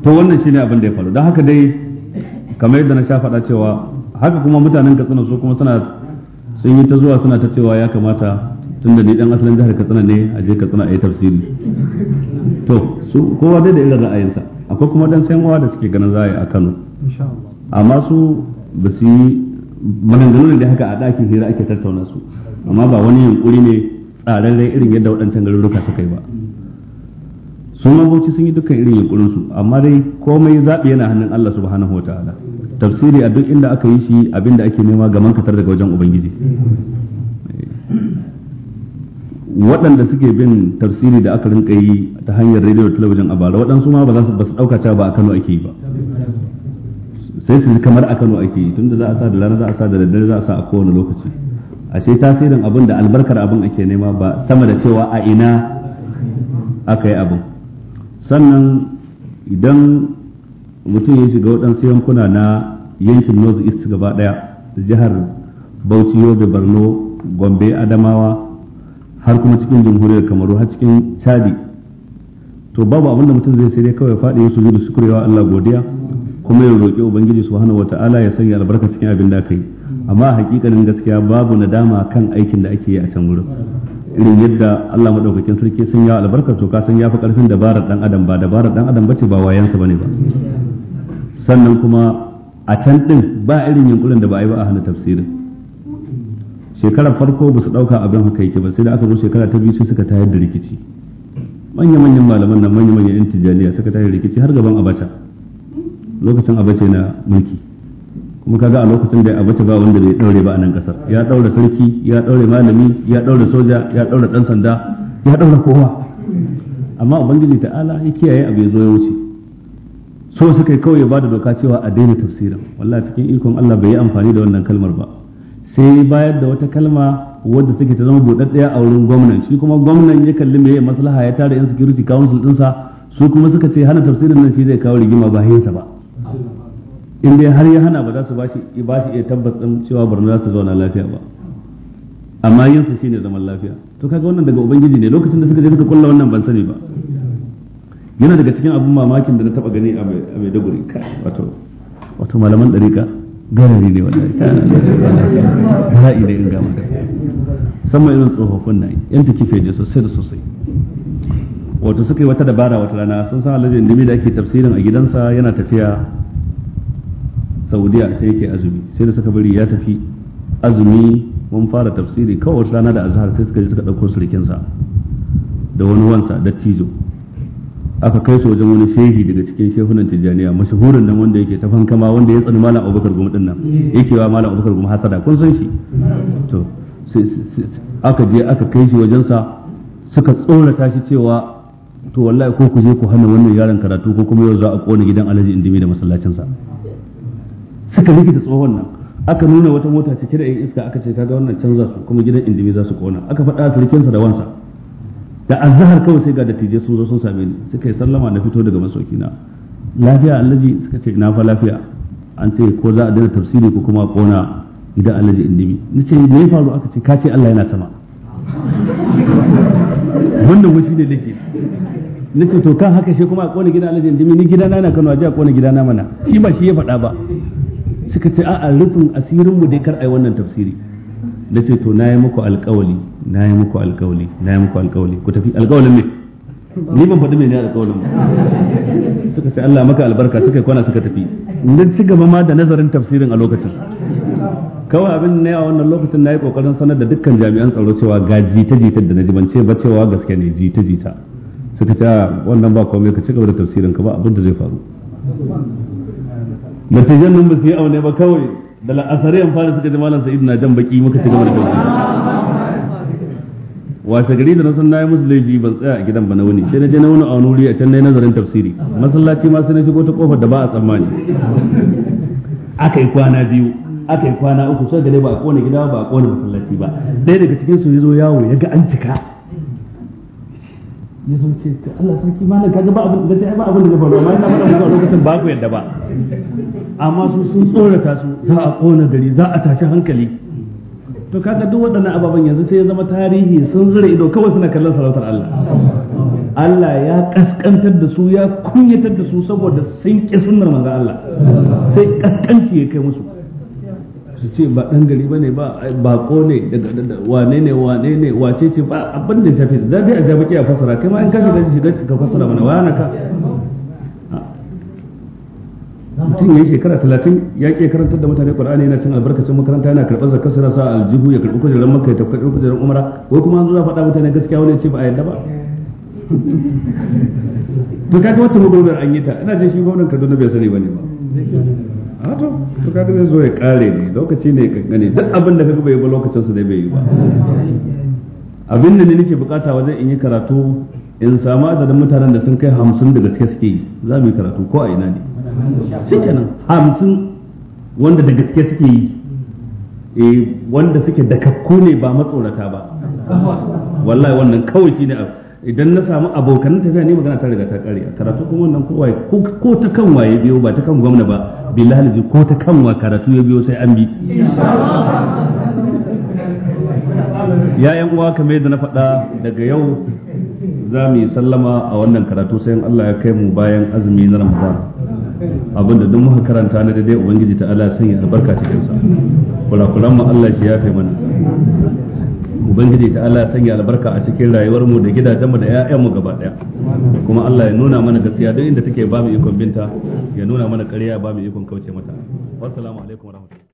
to to wannan shine abin da ya faru don haka dai kamar yadda na sha faɗa cewa haka kuma mutanen katsina su kuma suna sun yi ta zuwa suna ta cewa ya kamata tun da ni dan asalin jihar katsina ne a je katsina a yi tafsiri to su kowa dai da irin ra'ayinsa akwai kuma dan sanwa da suke ganin za a yi a kano amma su ba su yi maganganu da haka a ɗakin hira ake tattauna su amma ba wani yunkuri ne tsararren irin yadda waɗancan garuruka suka yi ba sun mabauci sun yi dukkan irin yunkurinsu amma dai komai zaɓi yana hannun Allah subhanahu wa ta'ala tafsiri a duk inda aka yi shi abinda ake nema ga mankatar daga wajen ubangiji waɗanda suke bin tafsiri da aka rinka yi ta hanyar rediyo da talabijin a bara waɗansu ma ba za su ɗauka cewa ba a Kano ake yi ba sai su kamar a Kano ake yi tunda za a sa da rana za a sa da daddare za a sa a kowane lokaci ashe tasirin abin da albarkar abin ake nema ba sama da cewa a ina aka yi abin sannan idan mutum ya shiga waɗansu yankuna na yankin north east gaba ɗaya jihar bauchi yobe borno gombe adamawa har kuma cikin jamhuriyar kamaru har cikin chadi to babu abin da mutum zai sai dai kawai faɗi su da sukurewa allah godiya kuma ya roƙi ubangiji subhanahu wataala ya sanya albarka cikin abin da aka yi amma hakikanin gaskiya babu nadama kan aikin da ake yi a can wurin irin yadda Allah madaukakin sarki sun yawa albarkar to ka san yafi karfin dabarar dan adam ba dabarar dan adam bace ba wayansa bane ba sannan kuma a can din ba irin yunkurin da ba a yi ba a hana tafsirin shekarar farko ba su dauka abin haka yake ba sai da aka zo shekara ta biyu suka tayar da rikici manya-manyan malaman nan manya-manyan yan suka tayar da rikici har gaban abacha lokacin abacha na mulki kuma kaga a lokacin da ya abace ba wanda bai daure ba a nan kasar ya daure sarki ya daure malami ya daure soja ya daure dan sanda ya daure kowa amma ubangiji ta'ala ya kiyaye abu ya zo ya wuce so suka kawai ba da doka cewa a daina tafsirin wallahi cikin ikon Allah bai yi amfani da wannan kalmar ba sai bayar da wata kalma wadda take ta zama buɗaɗɗiya a wurin gwamnan shi kuma gwamnan ya kalli me maslaha ya tara yan security council sa su kuma suka ce hana tafsirin nan shi zai kawo rigima ba hinsa ba in dai har ya hana ba za su bashi ba shi iya tabbas din cewa barna za su zauna lafiya ba amma yin su shine zaman lafiya to kaga wannan daga ubangiji ne lokacin da suka je suka kulla wannan ban sani ba yana daga cikin abin mamakin da na taba gani a Maiduguri wato wato malaman dariƙa garari ne wallahi bala'i ne in ga maka musamman irin tsofaffin nan yan ta kife ne sosai da sosai wato suka yi wata dabara wata rana sun san alhaji indimi da ake tafsirin a gidansa yana tafiya saudiya ta yake azumi sai da suka bari ya tafi azumi mun fara tafsiri kawai wata rana da azhar sai suka je suka ɗauko surukinsa da wani wansa dattijo aka kai su wajen wani shehi daga cikin shehunan tijjaniya mashahurin nan wanda yake ta fankama wanda ya tsani malam abubakar goma dinnan yake wa malam abubakar goma hasada kun san shi to aka je aka kai shi wajensa suka tsorata shi cewa to wallahi ko ku je ku hana wannan yaron karatu ko kuma yau za a kona gidan alaji indimi da masallacinsa suka rikita tsohon nan aka nuna wata mota cike da iska aka ce kaga wannan canza su kuma gidan indimi za su kona aka faɗa sa da wansa da azhar kawai sai ga dattijai sun zo sun same ni suka yi sallama na fito daga na. lafiya allaji suka ce ina fa lafiya an ce ko za a daina tafsiri ko kuma kona gidan allaji indimi ni ce me ya faru aka ce ka ce Allah yana sama wannan wuce ne nake na ce to kan haka shi kuma a kona gidan alaji indimi ni gidana na kano a ji a kona gidana mana shi ba shi ya faɗa ba suka ce a'a rufin asirin mu dai kar ai wannan tafsiri na ce to na yi muku na yi muku na yi muku alkawali. ku tafi alkawalin ne ni ban faɗi ne alkawalin ba suka ce Allah maka albarka suka kwana suka tafi na ci gaba ma da nazarin tafsirin a lokacin kawai abin ne a wannan lokacin na yi kokarin sanar da dukkan jami'an tsaro cewa ga jita-jita da na ji ban ce ba cewa gaske ne jita-jita suka ce wannan ba komai ka ci gaba da tafsirin ka ba abin da zai faru dattijan nan ba su yi aune ba kawai da la'asariyan fara suka ji malam sa'id na jan baki muka ci gaba da dauki washe gari da na san nayi musu laifi ban tsaya a gidan ba na wuni sai na je na wuni a wani wuri a can yi nazarin tafsiri masallaci ma sai na shigo ta kofar da ba a tsammani aka yi kwana biyu aka yi kwana uku sai da ba a kone gida ba a kone masallaci ba ɗaya daga cikin su ya zo yawo ya ga an cika ya zo ce Allah sarki ma ka ga ba abin da yi ba abin da faru amma ina faɗa muku a lokacin ba ku yadda ba amma su sun tsorata su za a kona gari za a tashi hankali to kaga duk waɗannan ababen yanzu sai ya zama tarihi sun zura ido kawai suna kallon sarautar Allah Allah ya kaskantar da su ya kunyatar da su saboda sun ƙi sunnar manzon Allah sai kaskanci ya kai musu su ce ba ɗan gari ba ne ba bako ne daga wane ne wane ne wace ce ba abin da shafi za dai a jabaki a fasara kai ma in kashi shiga shi ka fasara mana wa na ka mutum ya yi shekara talatin ya ke karantar da mutane qur'ani yana cin albarkacin makaranta yana karɓar zakar sa sa aljihu ya karɓi kujerar makka ya tafi karɓi kujerar umara wai kuma an zo faɗa mutane gaskiya wani ce ba a yadda ba to kaga wacce magudanar an yi ta ina jin shi gwamnan kaduna bai sani ba ne ba to to kaga zai zo ya kare ne lokaci ne kankane duk abin da kaga bai ba lokacin su dai bai yi ba abin da ne nake bukata wajen in yi karatu in samu adadin mutanen da sun kai hamsin daga gaske suke yi za mu yi karatu ko a ina ne shikenan hamsin wanda da gaske suke yi e wanda suke kakku ne ba matsorata ba wallahi wannan kawai shine abu idan na samu abokan tafiya ne magana ta riga ta kare karatu kuma wannan ko ko ta kan waye biyo ba ta kan gwamna ba billahi ji ko ta kan wa karatu ya biyo sai an bi ya yan uwa kamar yadda na faɗa daga yau za mu yi sallama a wannan karatu sai Allah ya kai mu bayan azumi na Ramadan abinda duk muka karanta na daidai ubangiji ta Allah sanya albarka cikin sa kula kula mu Allah shi ya kai mana ubangiji ta Allah sanya albarka a cikin rayuwar mu da gidajenmu da ƴaƴanmu gaba daya kuma Allah ya nuna mana gaskiya duk inda take ba mu ikon binta ya nuna mana ƙarya ba mu ikon kauce mata wassalamu alaikum warahmatullahi